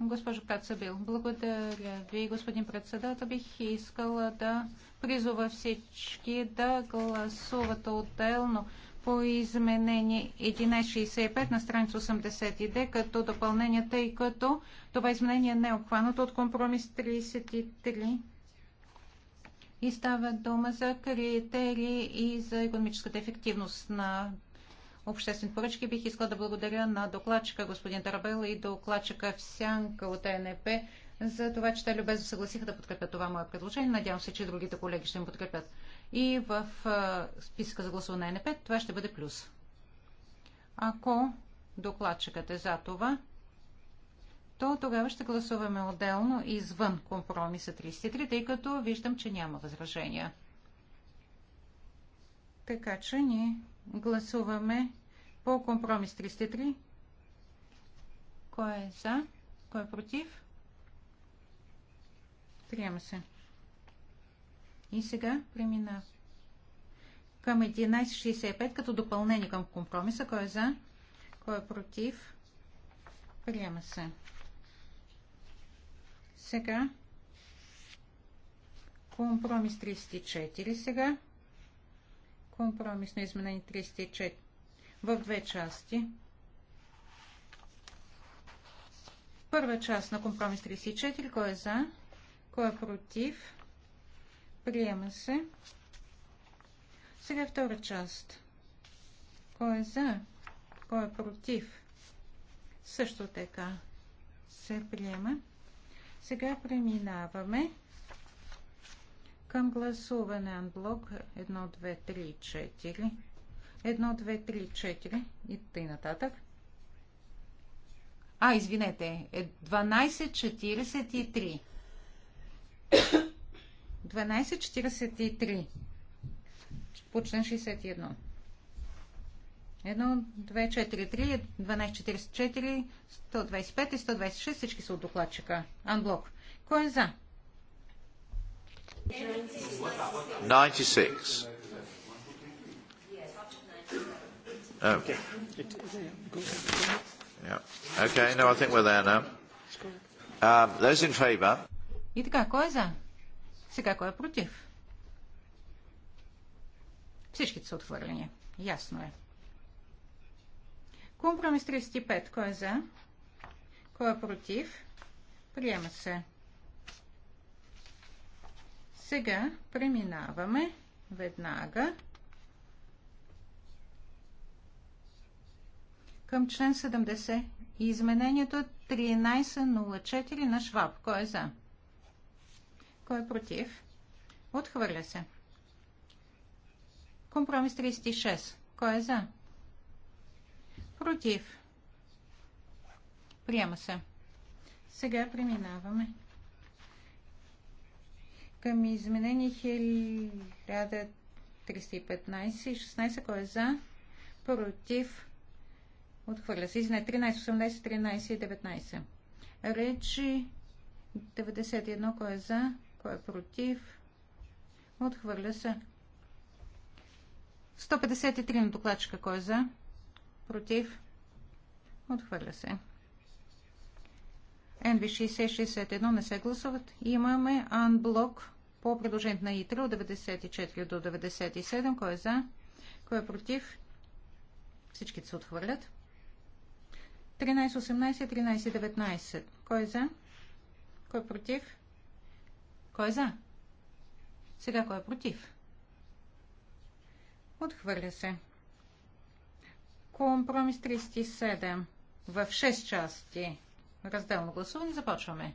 Госпожо Кацабил, благодаря ви, господин председател. Бих искала да призова всички да гласуват отделно по изменение 1165 на страница 80 като допълнение, тъй като това изменение не е обхванато от компромис 33 и става дума за критерии и за економическата ефективност на обществени поръчки. Бих искала да благодаря на докладчика господин Тарабел и докладчика Всянка Сянка от ЕНП за това, че те любезно съгласиха да подкрепят това мое предложение. Надявам се, че другите колеги ще им подкрепят. И в списка за гласуване на ЕНП това ще бъде плюс. Ако докладчикът е за това, то тогава ще гласуваме отделно извън компромиса 33, тъй като виждам, че няма възражения. Така че ние гласуваме по компромис 33. Кой е за? Кой е против? Приема се. И сега премина към 11.65 като допълнение към компромиса. Кой е за? Кой е против? Приема се. Сега компромис 34 сега. Компромис на изменение 34 в две части. Първа част на компромис 34. Кой е за? Кой е против? Приема се. Сега втора част. Кой е за? Кой е против? Също така се приема. Сега преминаваме към гласуване анблок 1, 2, 3, 4. 1, 2, 3, 4 и тъй нататък. А, извинете, е 12.43. 12.43 по член 61 три, 2, 4, 3, 12, 44, 125 и 126. Всички са от докладчика. Анблок. Кой е за? 96. Oh. Yeah. Okay, no, I think we're there now. Um, those in И така, кой е за? Сега кой е против? Всички са отхвърлени. Ясно е. Компромис 35. Кой е за? Кой е против? Приема се. Сега преминаваме веднага към член 70 и изменението 1304 на Шваб. Кой е за? Кой е против? Отхвърля се. Компромис 36. Кой е за? Против. Приема се. Сега преминаваме към изменение 1315 и 16, кой е за, против, отхвърля се. Извине, 13, 18, 13 и 19. Речи 91, кой е за, кой е против, отхвърля се. 153 на докладчика, кой е за, против, отхвърля се. nv 6661 не се гласуват. Имаме анблок по предложението на ИТРО от 94 до 97. Кой е за? Кой е против? Всичките се отхвърлят. 13.18, 13.19. Кой е за? Кой е против? Кой е за? Сега кой е против? Отхвърля се. Компромис 37 в 6 части. Разделно гласуване. Започваме.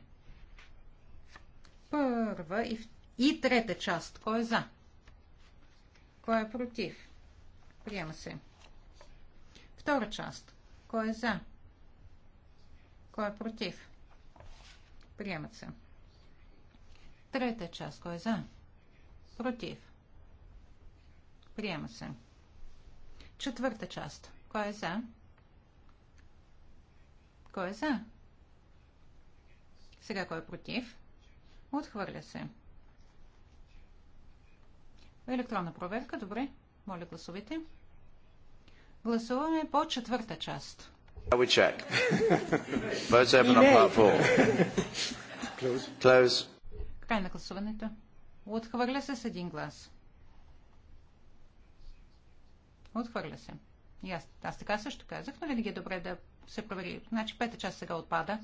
Първа и, и трета част. Кой е за? Кой е против? Приема се. Втора част. Кой е за? Кой е против? Приемат се. Трета част. Кой е за? Против. Приема се. Четвърта част. Кой е за? Кой е за? Сега кой е против? Отхвърля се. Електронна проверка, добре. Моля, гласувайте. Гласуваме по четвърта част. check. Votes open on part four. Close. Close. Край на гласуването. Отхвърля се с един глас. Отхвърля се. И аз, аз така също казах, но винаги е добре да се провери. Значи пета част сега отпада.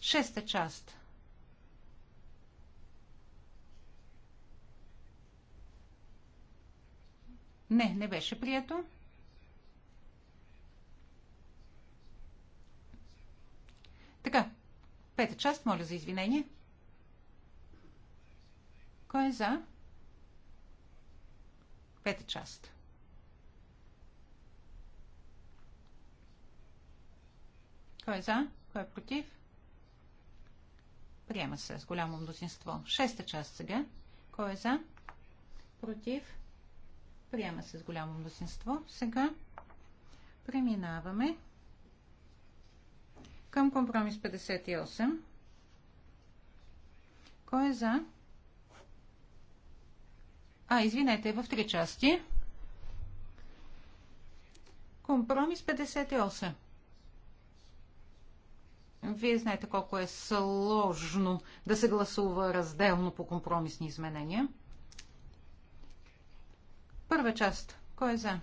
Шеста част. Не, не беше прието. Така, пета част, моля за извинение. Кой е за? Пета част. Кой е за? Кой е против? Приема се с голямо мнозинство. Шеста част сега. Кой е за? Против? Приема се с голямо мнозинство. Сега преминаваме към компромис 58. Кой е за? А, извинете, в три части. Компромис 58. Вие знаете колко е сложно да се гласува разделно по компромисни изменения. Първа част. Кой е за?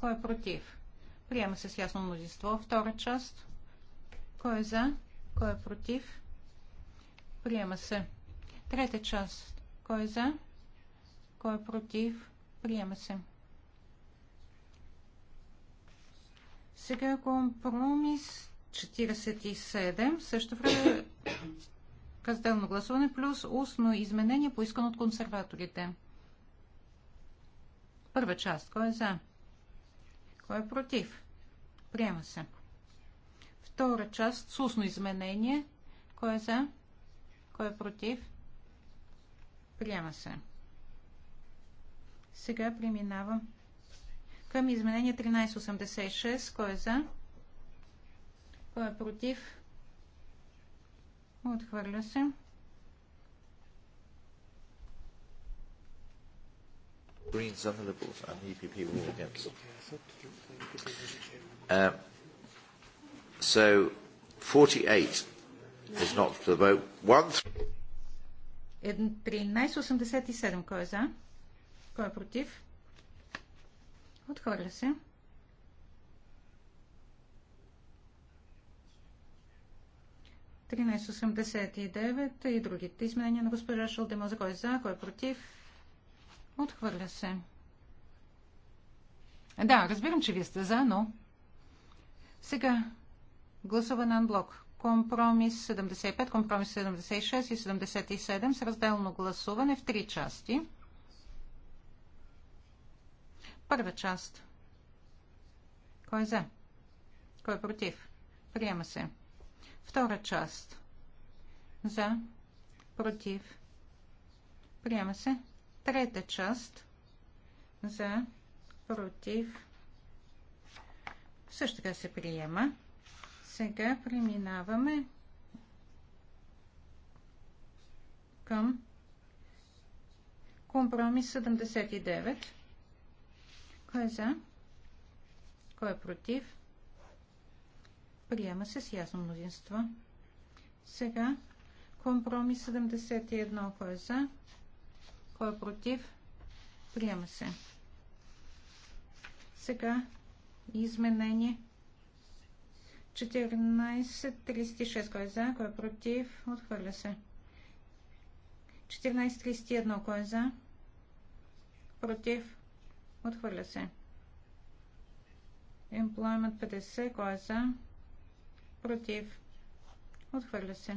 Кой е против? Приема се с ясно мнозинство. Втора част. Кой е за? Кой е против? Приема се. Трета част. Кой е за? Кой е против? Приема се. Сега компромис 47, също време разделно гласуване плюс устно изменение, поискано от консерваторите. Първа част. Кой е за? Кой е против? Приема се. Втора част с устно изменение. Кой е за? Кой е против? Приема се. Сега преминавам към изменение 1386. Кой е за? Кой е против? Отхвърля се. Greens and the Liberals and the EPP were all against. Um, so 48 is not for the vote. One, Th- 1387. Кой е за? Кой е против? Отхвърля се. 1389 и другите изменения на госпожа За Кой е за, кой е против? Отхвърля се. Да, разбирам, че вие сте за, но... Сега гласува на анблок. Компромис 75, компромис 76 и 77 с разделно гласуване в три части. Първа част. Кой е за? Кой е против? Приема се. Втора част. За. Против. Приема се. Трета част. За. Против. Също така се приема. Сега преминаваме към компромис 79. Кой е за? Кой е против? Приема се с ясно мнозинство. Сега компромис 71. Кой е за? Кой е против? Приема се. Сега изменение 14.36. Кой е за? Кой е против? Отхвърля се. 14.31. Кой е за? Против? Отхвърля се. Employment 50. Кой е за? против, отхвърля се.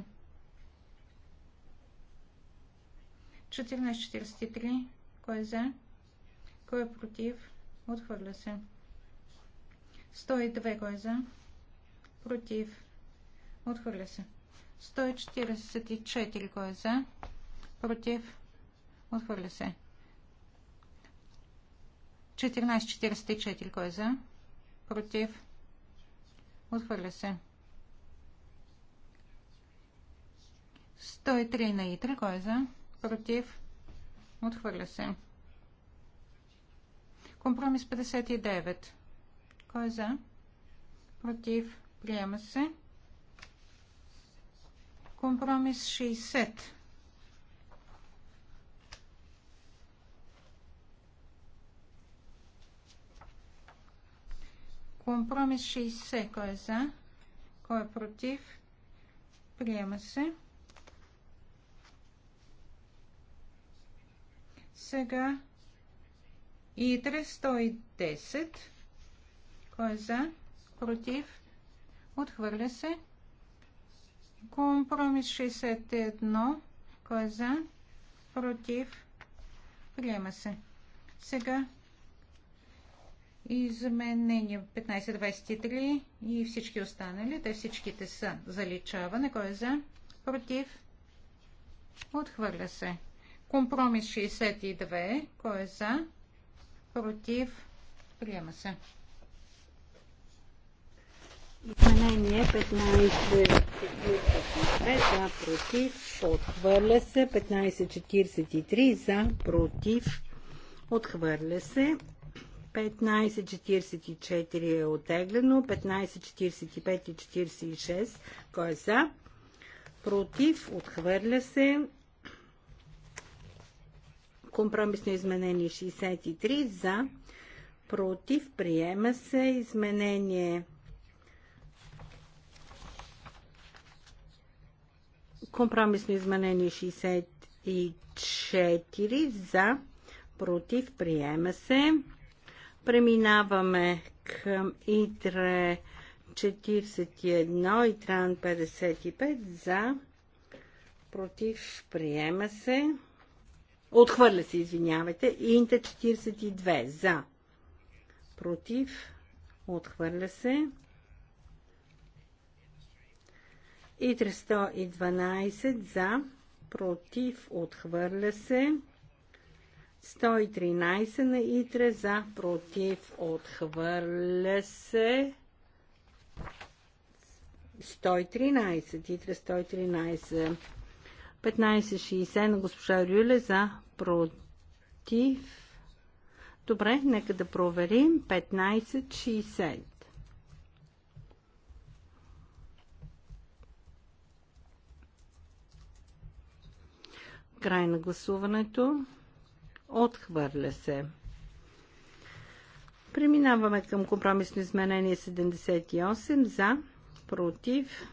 14.43, кой е за, кой е против, отхвърля се. 102, кой е за, против, отхвърля се. 144, кой е за, против, отхвърля се. 14.44, кой е за, против, отхвърля се. 103 на Итре. Кой е за? Против. Отхвърля се. Компромис 59. Кой е за? Против. Приема се. Компромис 60. Компромис 60. Кой е за? Кой е против? Приема се. Сега и 310. Кой е за? Против? Отхвърля се. Компромис 61. Кой е за? Против? Приема се. Сега изменение 1523 и всички останали. Те всичките са заличаване. Кой е за? Против? Отхвърля се. Компромис 62. Кой е за? Против? Приема се. Изменение 15.42 за против. Отхвърля се. 15.43 за против. Отхвърля се. 15.44 е отеглено. 15.45 и 46. Кой е за? Против. Отхвърля се. Компромисно изменение 63 за, против, приема се. Изменение Компромисно изменение 64 за, против, приема се. Преминаваме към ИТРЕ 41 и Тран 55 за, против, приема се. Отхвърля се, извинявайте. Инта 42. За. Против. Отхвърля се. И 312 за. Против. Отхвърля се. 113 на Итре за. Против. Отхвърля се. 113. Итре 113. 1560 на госпожа Рюле за против. Добре, нека да проверим. 15,60. Край на гласуването. Отхвърля се. Преминаваме към компромисно изменение 78 за, против,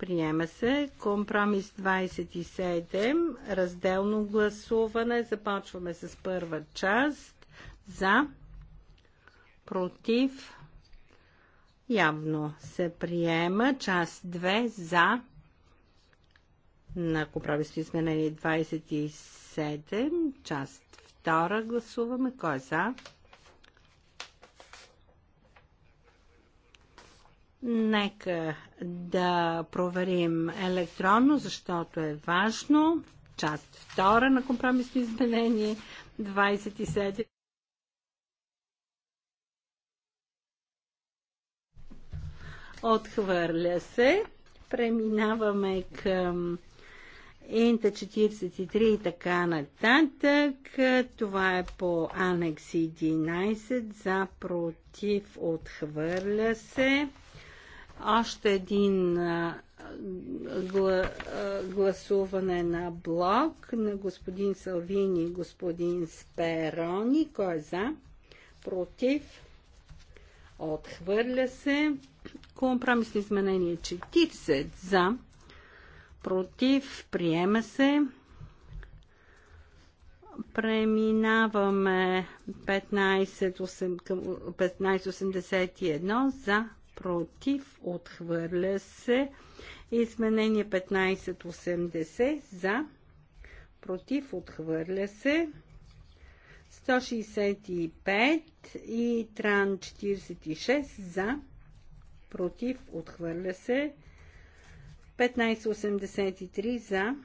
Приема се. Компромис 27. Разделно гласуване. Започваме с първа част. За. Против. Явно се приема. Част 2. За. На компромисно изменение 27. Част 2. Гласуваме. Кой е за? Нека да проверим електронно, защото е важно. Част втора на компромисно изменение 27. Отхвърля се. Преминаваме към Инта 43 и така нататък. Това е по анекс 11 за против отхвърля се. Още един гласуване на блок на господин Салвини и господин Сперони. Кой е за? Против? Отхвърля се. Компромисно изменение 40 за. Против? Приема се. Преминаваме 1581 за против, отхвърля се. Изменение 1580 за, против, отхвърля се. 165 и Тран 46 за, против, отхвърля се. 1583 за.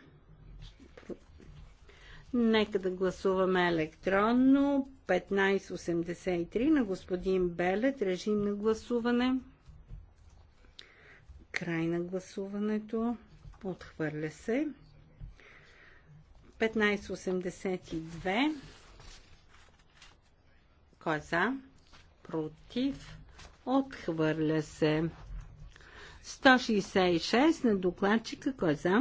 Нека да гласуваме електронно. 1583 на господин Белет. Режим на гласуване. Край на гласуването. Отхвърля се. 1582. Кой е за? Против. Отхвърля се. 166 на докладчика. Кой е за?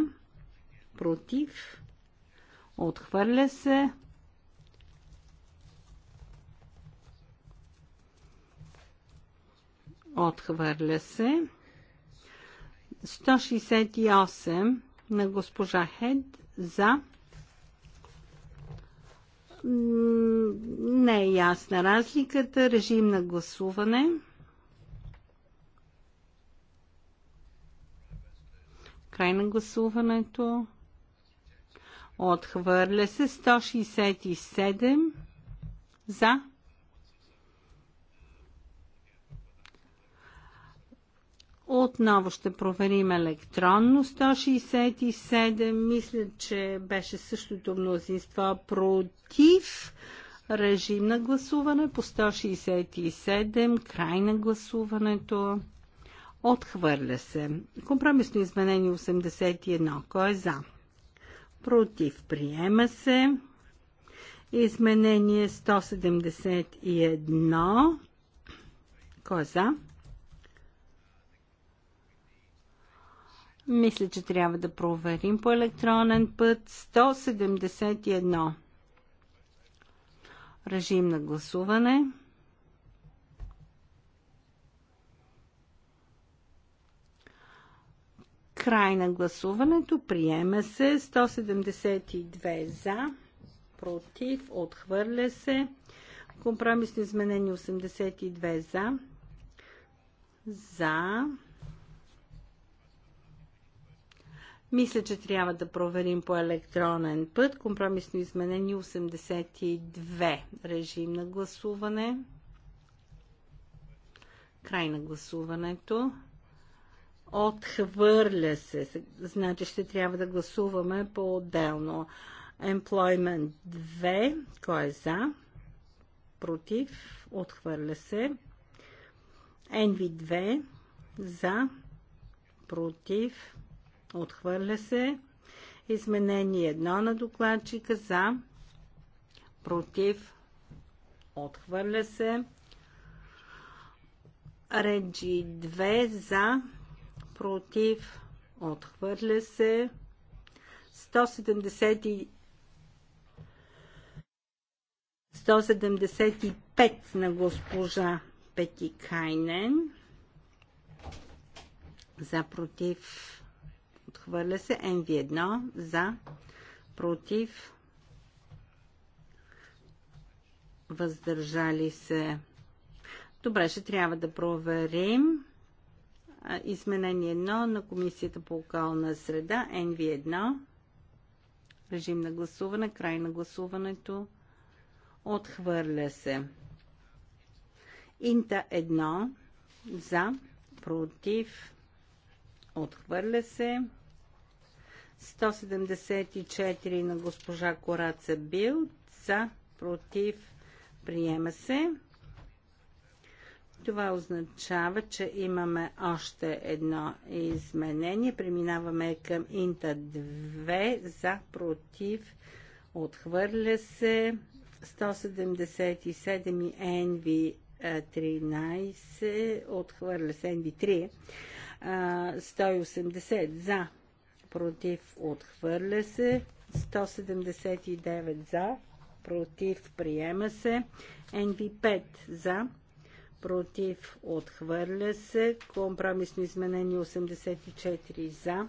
Против. Отхвърля се. Отхвърля се. 168 на госпожа Хед за. Не е ясна разликата. Режим на гласуване. Край на гласуването. Отхвърля се 167 за. Отново ще проверим електронно 167. Мисля, че беше същото мнозинство против режим на гласуване по 167. Край на гласуването. Отхвърля се. Компромисно изменение 81. Кой е за? Против. Приема се. Изменение 171. Кой е за? Мисля, че трябва да проверим по електронен път 171. Режим на гласуване. Край на гласуването. Приема се 172 за, против, отхвърля се. Компромисно изменение 82 за, за Мисля, че трябва да проверим по електронен път. Компромисно изменение 82. Режим на гласуване. Край на гласуването. Отхвърля се. Значи ще трябва да гласуваме по-отделно. Employment 2. Кой е за? Против. Отхвърля се. NV2. За. Против Отхвърля се. Изменение едно на докладчика за. Против. Отхвърля се. Реджи 2 за. Против. Отхвърля се. 170 175 на госпожа Петикайнен за против Отхвърля се. nv 1 за. Против. Въздържали се. Добре, ще трябва да проверим. Изменение 1 на Комисията по околна среда. НВ1. Режим на гласуване. Край на гласуването. Отхвърля се. Инта 1 за, против, отхвърля се. 174 на госпожа Кораца Бил. За, против, приема се. Това означава, че имаме още едно изменение. Преминаваме към Инта 2 за против. Отхвърля се 177 и NV 13. Отхвърля се NV 3. 180 за против, отхвърля се. 179 за, против, приема се. NV5 за, против, отхвърля се. Компромисно изменение 84 за.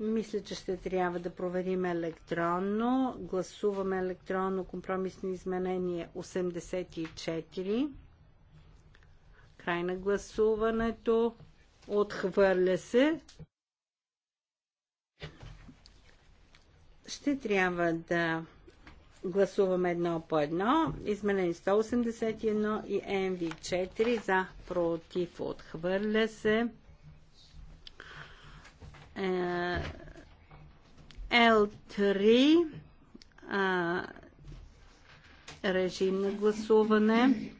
Мисля, че ще трябва да проверим електронно. Гласуваме електронно компромисно изменение 84. Край на гласуването. Отхвърля се. Ще трябва да гласуваме едно по едно. Изменени 181 и МВ4 за против. Отхвърля се. L3 е, режим на гласуване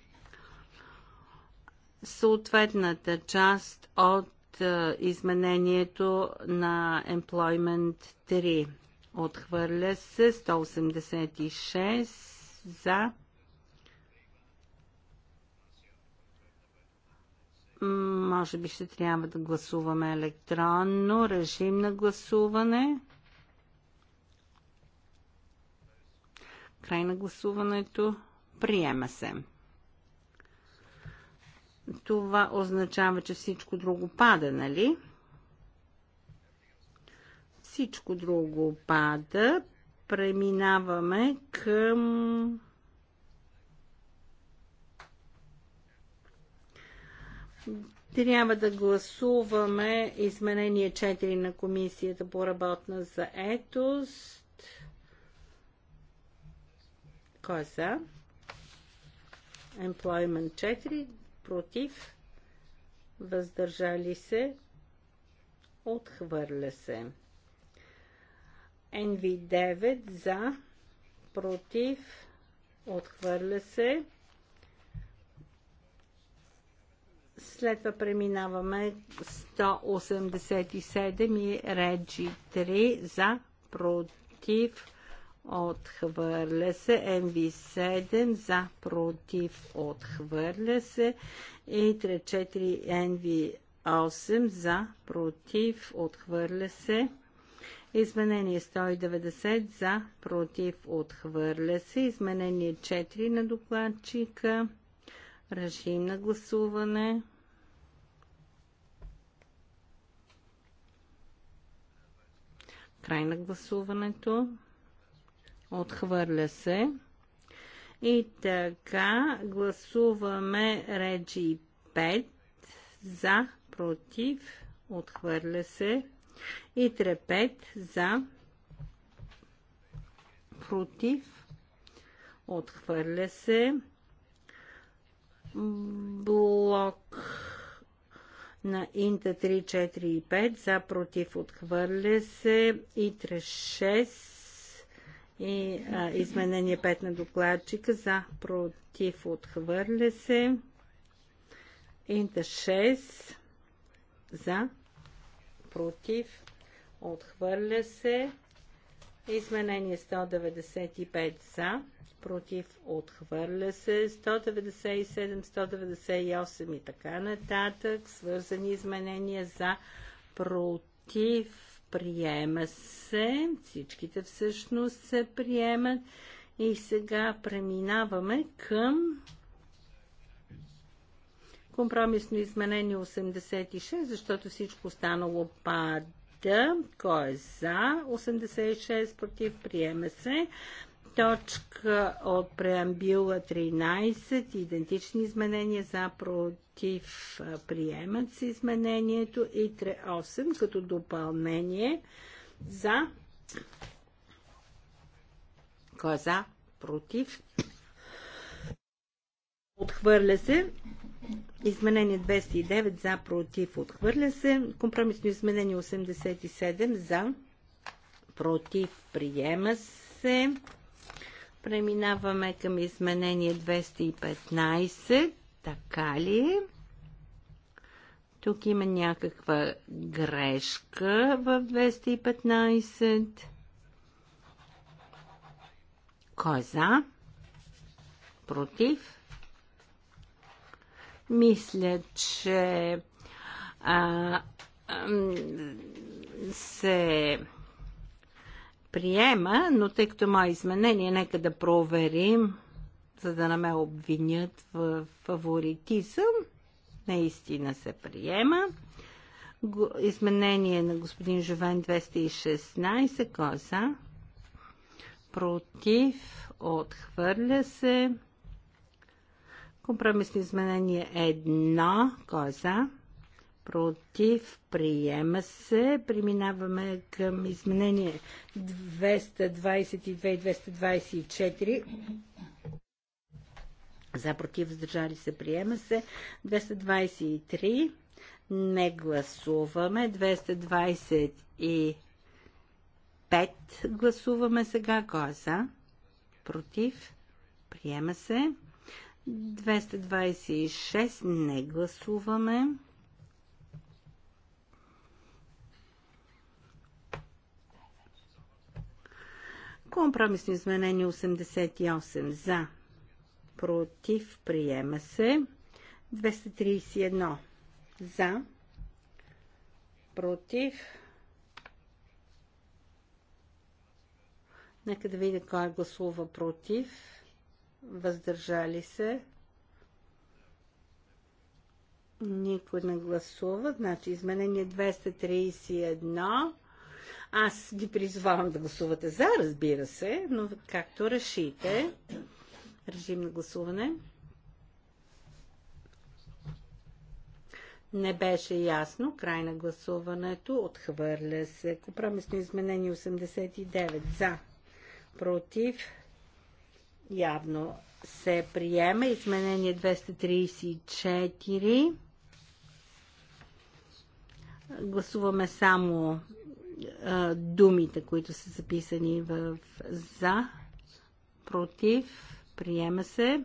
съответната част от е, изменението на Employment 3. Отхвърля се 186 за. Може би ще трябва да гласуваме електронно. Режим на гласуване. Край на гласуването. Приема се това означава, че всичко друго пада, нали? Всичко друго пада. Преминаваме към Трябва да гласуваме изменение 4 на комисията по работна етост. Кой е за? Employment 4 против, въздържали се, отхвърля се. NV9 за, против, отхвърля се. След това преминаваме 187 и Реджи 3 за, против, отхвърля се, NV7 за, против, отхвърля се и 3-4 NV8 за, против, отхвърля се. Изменение 190 за, против, отхвърля се. Изменение 4 на докладчика. Режим на гласуване. Край на гласуването. Отхвърля се. И така гласуваме Реджи 5 за, против, отхвърля се. И трепет 5 за, против, отхвърля се. Блок на Инта 3, 4 и 5 за, против, отхвърля се. И 6 и а, изменение 5 на докладчика за, против, отхвърля се. Инта 6 за, против, отхвърля се. Изменение 195 за, против, отхвърля се. 197, 198 и така нататък. Свързани изменения за, против, приема се, всичките всъщност се приемат. И сега преминаваме към компромисно изменение 86, защото всичко останало пада. Кой е за 86, против, приема се точка от преамбюла 13, идентични изменения за против приемат се изменението и 3.8 като допълнение за кой е за против отхвърля се Изменение 209 за против отхвърля се. Компромисно изменение 87 за против приема се. Преминаваме към изменение 215. Така ли? Е? Тук има някаква грешка в 215. Кой е за? Против? Мисля, че а, а, се приема, но тъй като мое изменение, нека да проверим, за да не ме обвинят в фаворитизъм. Наистина се приема. Изменение на господин Жовен 216. коза. Е Против. Отхвърля се. Компромисно изменение 1. коза. Е против, приема се. Преминаваме към изменение 222 и 224. За против, въздържали се, приема се. 223. Не гласуваме. 225 гласуваме сега. Кой е за? Против. Приема се. 226 не гласуваме. Компромисно изменение 88 за. Против. Приема се. 231 за. Против. Нека да видя кой гласува против. Въздържали се. Никой не гласува. Значи изменение 231 аз ги призвавам да гласувате за, разбира се, но както решите. Режим на гласуване. Не беше ясно. Край на гласуването. Отхвърля се. Компромисно изменение 89. За. Против. Явно се приема. Изменение 234. Гласуваме само а, думите, които са записани в за, против, приема се.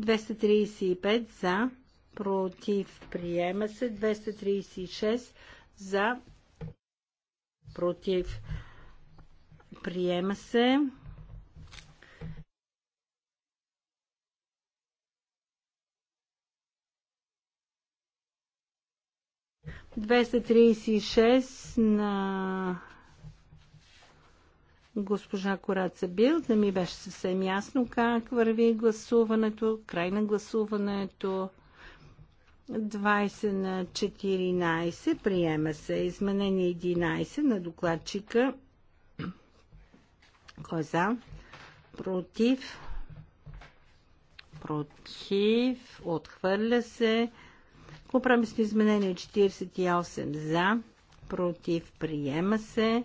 235 за, против, приема се. 236 за, против, приема се. 236 на госпожа Кораца Бил. Не ми беше съвсем ясно как върви гласуването, край на гласуването. 20 на 14 приема се изменение 11 на докладчика. Кой е за? Против. Против. Отхвърля се. Компромисно изменение 48 за, против, приема се.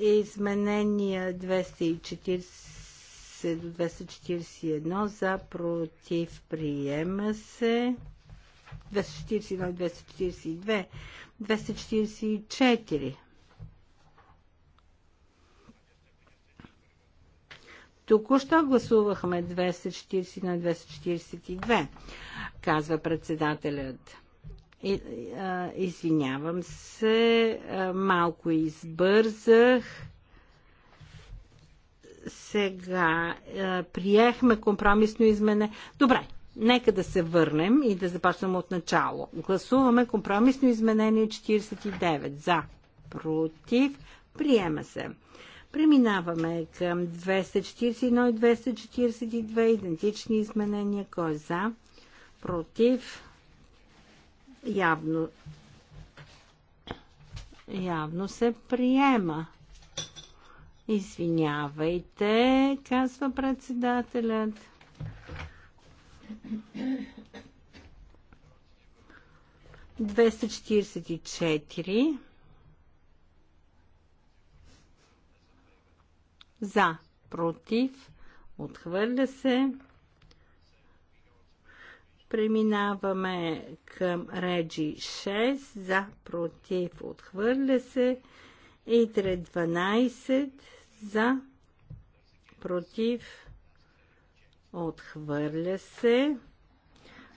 Изменения 240 до 241 за, против, приема се. 241 242. 244 Току-що гласувахме 240 на 242, казва председателят. И, а, извинявам се, а, малко избързах. Сега а, приехме компромисно измене. Добре, нека да се върнем и да започнем от начало. Гласуваме компромисно изменение 49. За, против, приема се. Преминаваме към 241 и 242 идентични изменения. Кой е за? Против? Явно. Явно се приема. Извинявайте, казва председателят. Двеста четиридесет и четири. За. Против. Отхвърля се. Преминаваме към Реджи 6. За. Против. Отхвърля се. Итре 12. За. Против. Отхвърля се.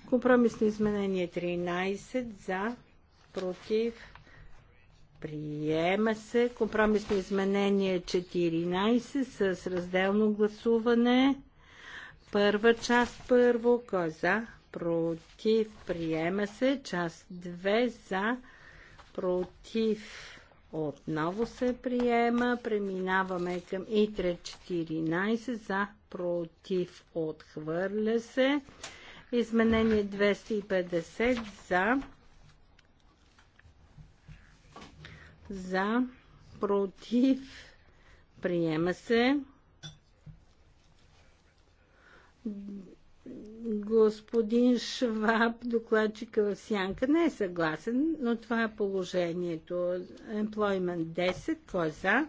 Компромисно изменение 13. За. Против Приема се компромисно изменение 14 с разделно гласуване. Първа част първо, кой е за, против, приема се. Част 2 за, против, отново се приема. Преминаваме към ИТРЕ 14 за, против, отхвърля се. Изменение 250 за, за, против, приема се. Господин Шваб, докладчика в Сянка, не е съгласен, но това е положението. Employment 10, кой е за,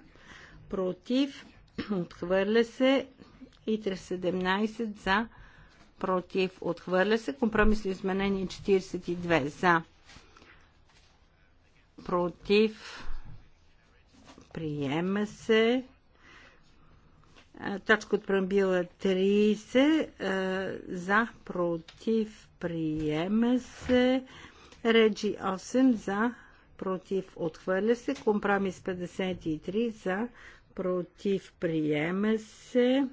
против, отхвърля се и 17 за, против, отхвърля се. Компромисно изменение 42 за, против, Приема се. Точка от пръмбила 30. За, против, приема се. Реджи 8 за, против, отхвърля се. Компромис 53 за, против, приема се.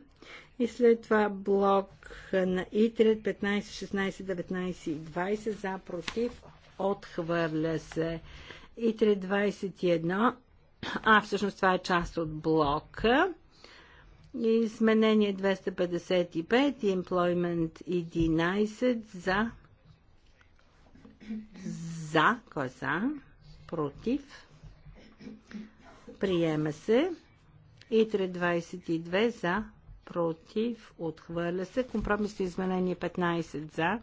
И след това блок на Итрет 15, 16, 19 и 20 за, против, отхвърля се. Итрет 21 а, всъщност това е част от блока. Изменение 255 и Employment 11 за. За. Кой е за? Против. Приема се. И 322 за. Против. Отхвърля се. Компромисно изменение 15 за.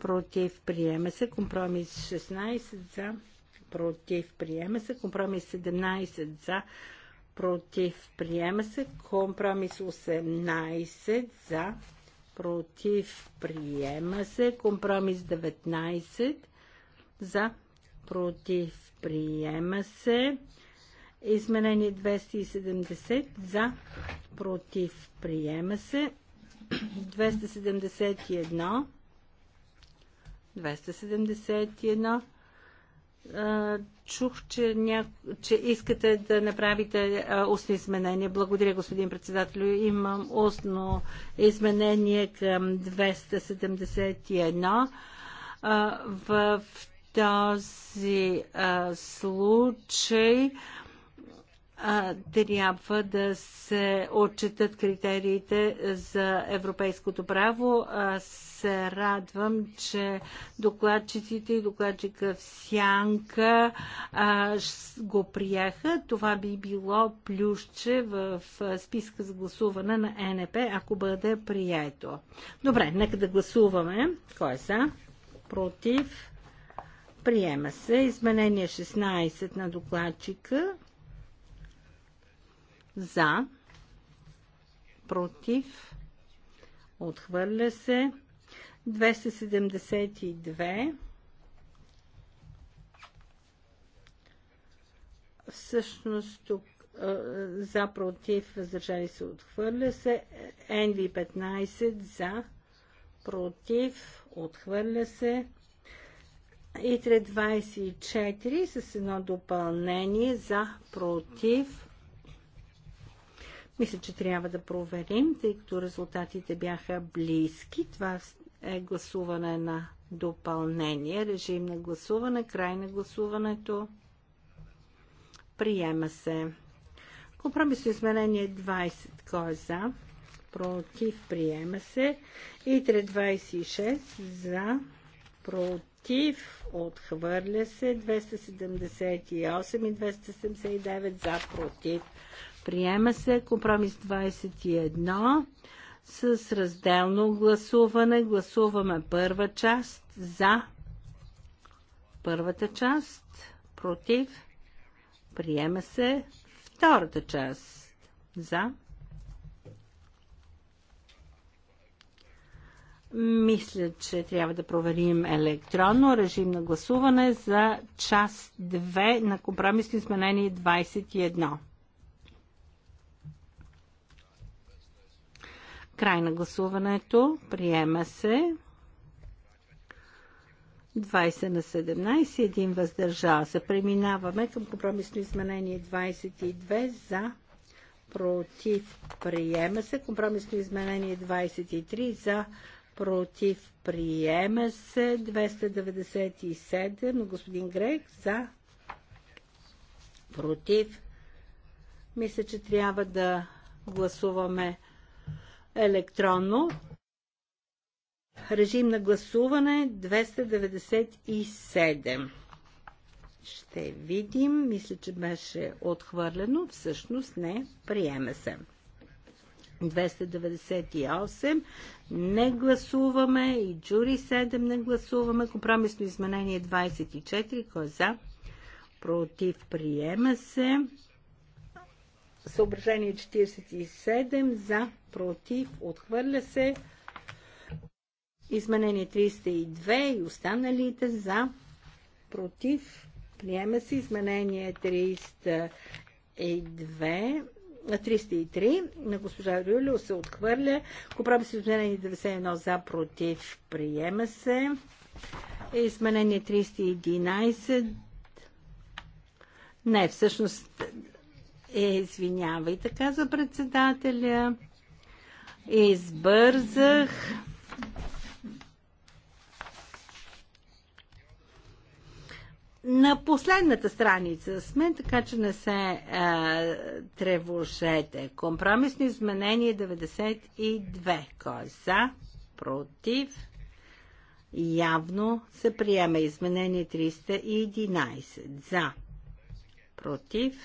Против. Приема се. Компромис 16 за против, приема се. Компромис 17 за, против, приема се. Компромис 18 за, против, приема се. Компромис 19 за, против, приема се. Изменение 270 за, против, приема се. 271 271 чух, че, ня... че искате да направите устни изменения. Благодаря, господин председател. Имам устно изменение към 271. В този случай трябва да се отчетат критериите за европейското право. Аз се радвам, че докладчиците и докладчика в Сянка а, го приеха. Това би било плюсче в списка за гласуване на НП, ако бъде прието. Добре, нека да гласуваме. Кой са? Е Против. Приема се. Изменение 16 на докладчика за, против, отхвърля се. 272 всъщност тук за, против, въздържали се, отхвърля се. NV15 за, против, отхвърля се. И 324 с едно допълнение за, против, мисля, че трябва да проверим, тъй като резултатите бяха близки. Това е гласуване на допълнение. Режим на гласуване, край на гласуването. Приема се. Компромисно изменение 20. Кой е за? Против. Приема се. И 326 за. Против. Отхвърля се. 278 и 279 за. Против. Приема се компромис 21 с разделно гласуване. Гласуваме първа част за първата част, против. Приема се втората част за. Мисля, че трябва да проверим електронно режим на гласуване за част 2 на компромисно изменение 21. Край на гласуването. Приема се. 20 на 17, един въздържал се. Преминаваме към компромисно изменение 22 за против приема се. Компромисно изменение 23 за против приема се. 297 на господин Грек за против. Мисля, че трябва да гласуваме електронно. Режим на гласуване 297. Ще видим. Мисля, че беше отхвърлено. Всъщност не. Приеме се. 298 не гласуваме и джури 7 не гласуваме. Компромисно изменение 24. Кой е за? Против приема се. Съображение 47 за, против, отхвърля се. Изменение 302 и останалите за, против, приема се. Изменение 302, 303 на госпожа Рюлио се отхвърля. Поправи се изменение 91 за, против, приема се. Изменение 311 не, всъщност е, извинявайте, каза председателя. Избързах. На последната страница сме, така че не се е, тревожете. Компромисно изменение 92. Кой е за? Против? Явно се приема изменение 311. За? Против?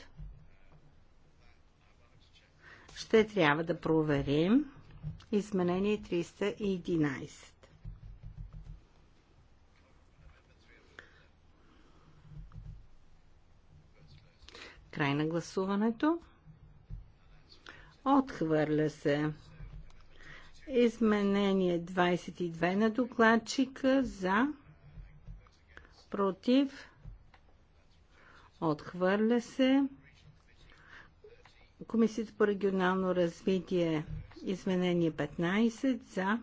ще трябва да проверим изменение 311. Край на гласуването. Отхвърля се. Изменение 22 на докладчика за против. Отхвърля се. Комисията по регионално развитие изменение 15 за,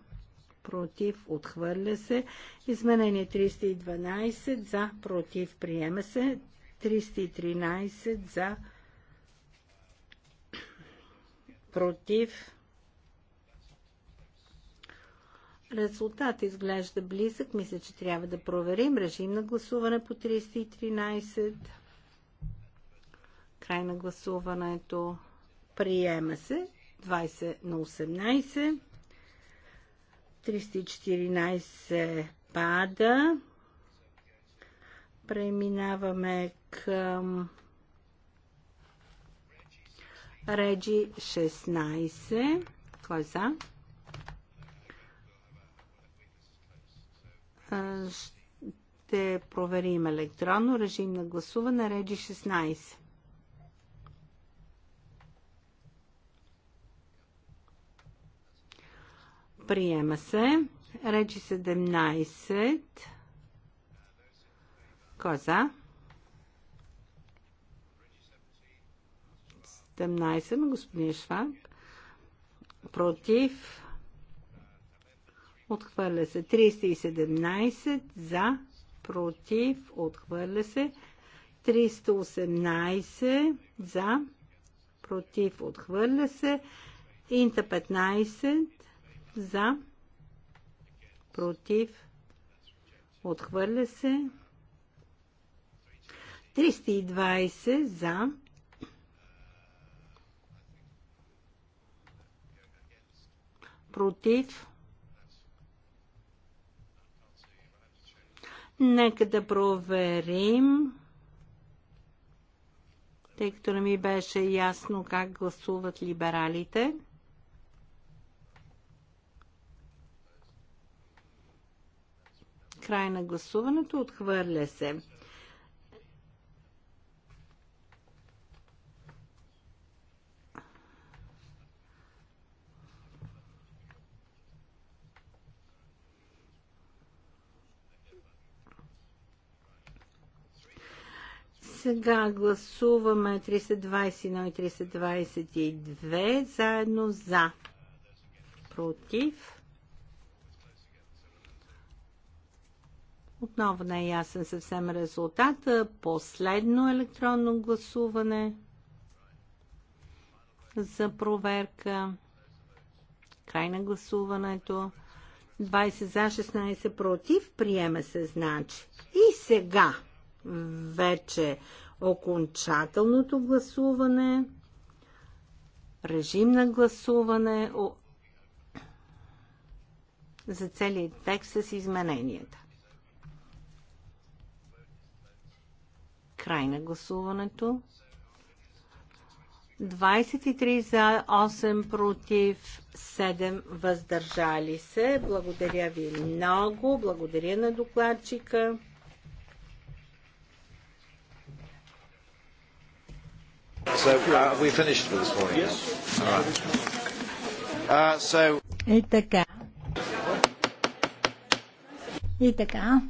против, отхвърля се. Изменение 312 за, против, приема се. 313 за, против. Резултат изглежда близък. Мисля, че трябва да проверим режим на гласуване по 313. Край на гласуването. Приема се. 20 на 18. 314 пада. Преминаваме към Реджи 16. Кой е за? Ще проверим електронно режим на гласуване. Реджи 16. Приема се. Речи 17. Коза. за? 17 на господин Шваб. Против. Отхвърля се. 317 за. Против. Отхвърля се. 318 за. Против. Отхвърля се. Инта 15 за, против, отхвърля се. 320 за, против. Нека да проверим, тъй като не ми беше ясно как гласуват либералите. Край на гласуването. Отхвърля се. сега гласуваме 321 и 322 заедно за. Против. Отново не е ясен съвсем резултата. Последно електронно гласуване за проверка. Край на гласуването. 20 за, 16 против. Приема се, значи. И сега вече окончателното гласуване. Режим на гласуване за целият текст с измененията. Край на гласуването. 23 за, 8 против, 7 въздържали се. Благодаря ви много. Благодаря на докладчика. So, uh, we finished for this morning. Yes. All right. Uh, so... И така. И така.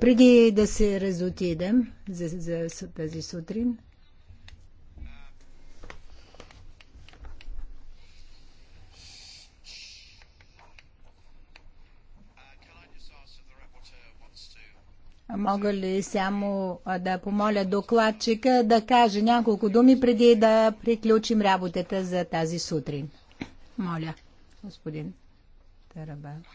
Преди да се разотидем за, за, за тази сутрин, Мога ли само да помоля докладчика да каже няколко думи преди да приключим работата за тази сутрин? Моля, господин Тарабанов.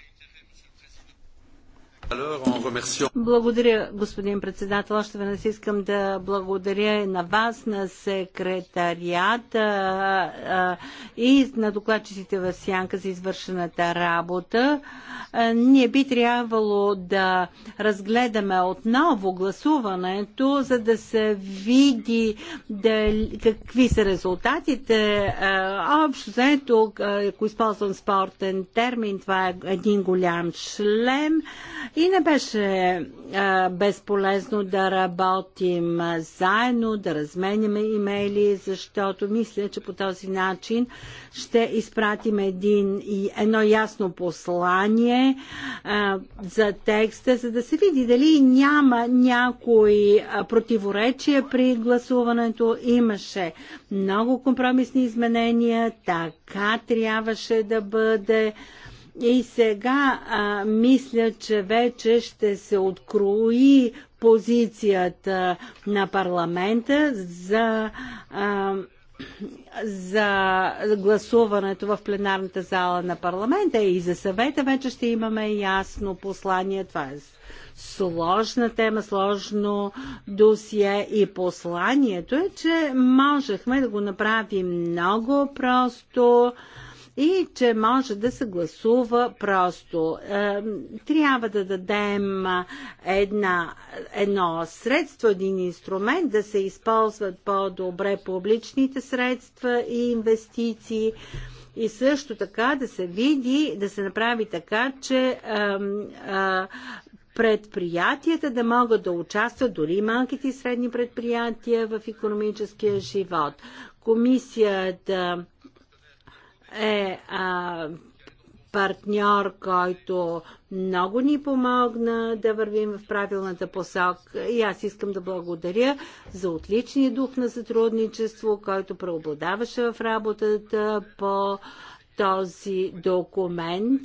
Благодаря, господин председател. Още веднъж искам да благодаря и на вас, на секретарията и на докладчиците в Сянка за извършената работа. Ние би трябвало да разгледаме отново гласуването, за да се види какви са резултатите. Общо заето, ако използвам спортен термин, това е един голям шлем и не беше а, безполезно да работим заедно, да разменяме имейли, защото мисля, че по този начин ще изпратим един, едно ясно послание а, за текста, за да се види дали няма някои противоречия при гласуването. Имаше много компромисни изменения, така трябваше да бъде. И сега а, мисля, че вече ще се открои позицията на парламента за. А, за гласуването в пленарната зала на парламента и за съвета вече ще имаме ясно послание. Това е сложна тема, сложно досие и посланието е, че можехме да го направим много просто. А, и че може да се гласува просто. Трябва да дадем една, едно средство, един инструмент да се използват по-добре публичните средства и инвестиции и също така да се види, да се направи така, че а, а, предприятията да могат да участват, дори малките и средни предприятия в економическия живот. Комисията е а, партньор, който много ни помогна да вървим в правилната посока. И аз искам да благодаря за отличния дух на сътрудничество, който преобладаваше в работата по този документ.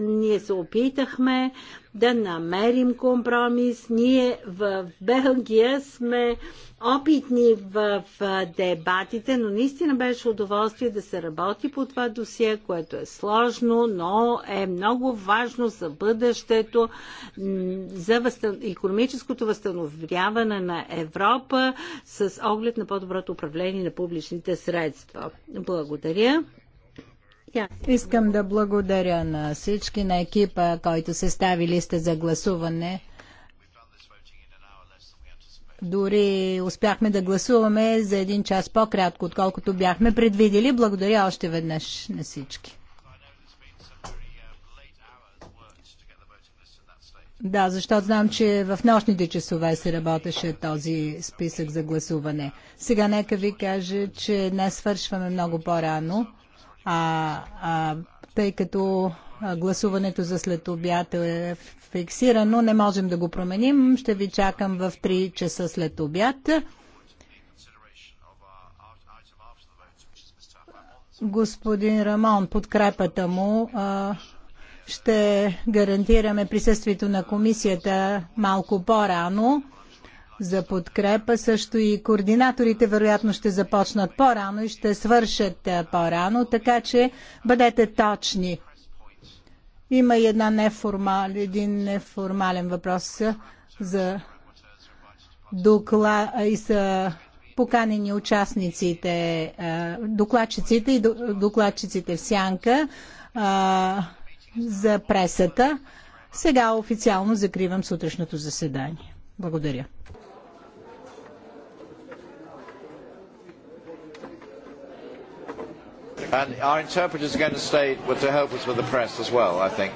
Ние се опитахме да намерим компромис. Ние в Белгия сме опитни в дебатите, но наистина беше удоволствие да се работи по това досие, което е сложно, но е много важно за бъдещето, за възстан... економическото възстановяване на Европа с оглед на по-доброто управление на публичните средства. Благодаря. Искам да благодаря на всички, на екипа, който се стави листа за гласуване. Дори успяхме да гласуваме за един час по-кратко, отколкото бяхме предвидели. Благодаря още веднъж на всички. Да, защото знам, че в нощните часове се работеше този списък за гласуване. Сега нека ви кажа, че днес свършваме много по-рано а, а, тъй като гласуването за след обяд е фиксирано, не можем да го променим. Ще ви чакам в 3 часа след обяд. Господин Рамон, подкрепата му а, ще гарантираме присъствието на комисията малко по-рано за подкрепа. Също и координаторите вероятно ще започнат по-рано и ще свършат е, по-рано, така че бъдете точни. Има и една неформал, един неформален въпрос е, за докла... и са поканени участниците, е, докладчиците и докладчиците в сянка за пресата. Сега официално закривам сутрешното заседание. Благодаря. And our interpreters are going to stay to help us with the press as well, I think.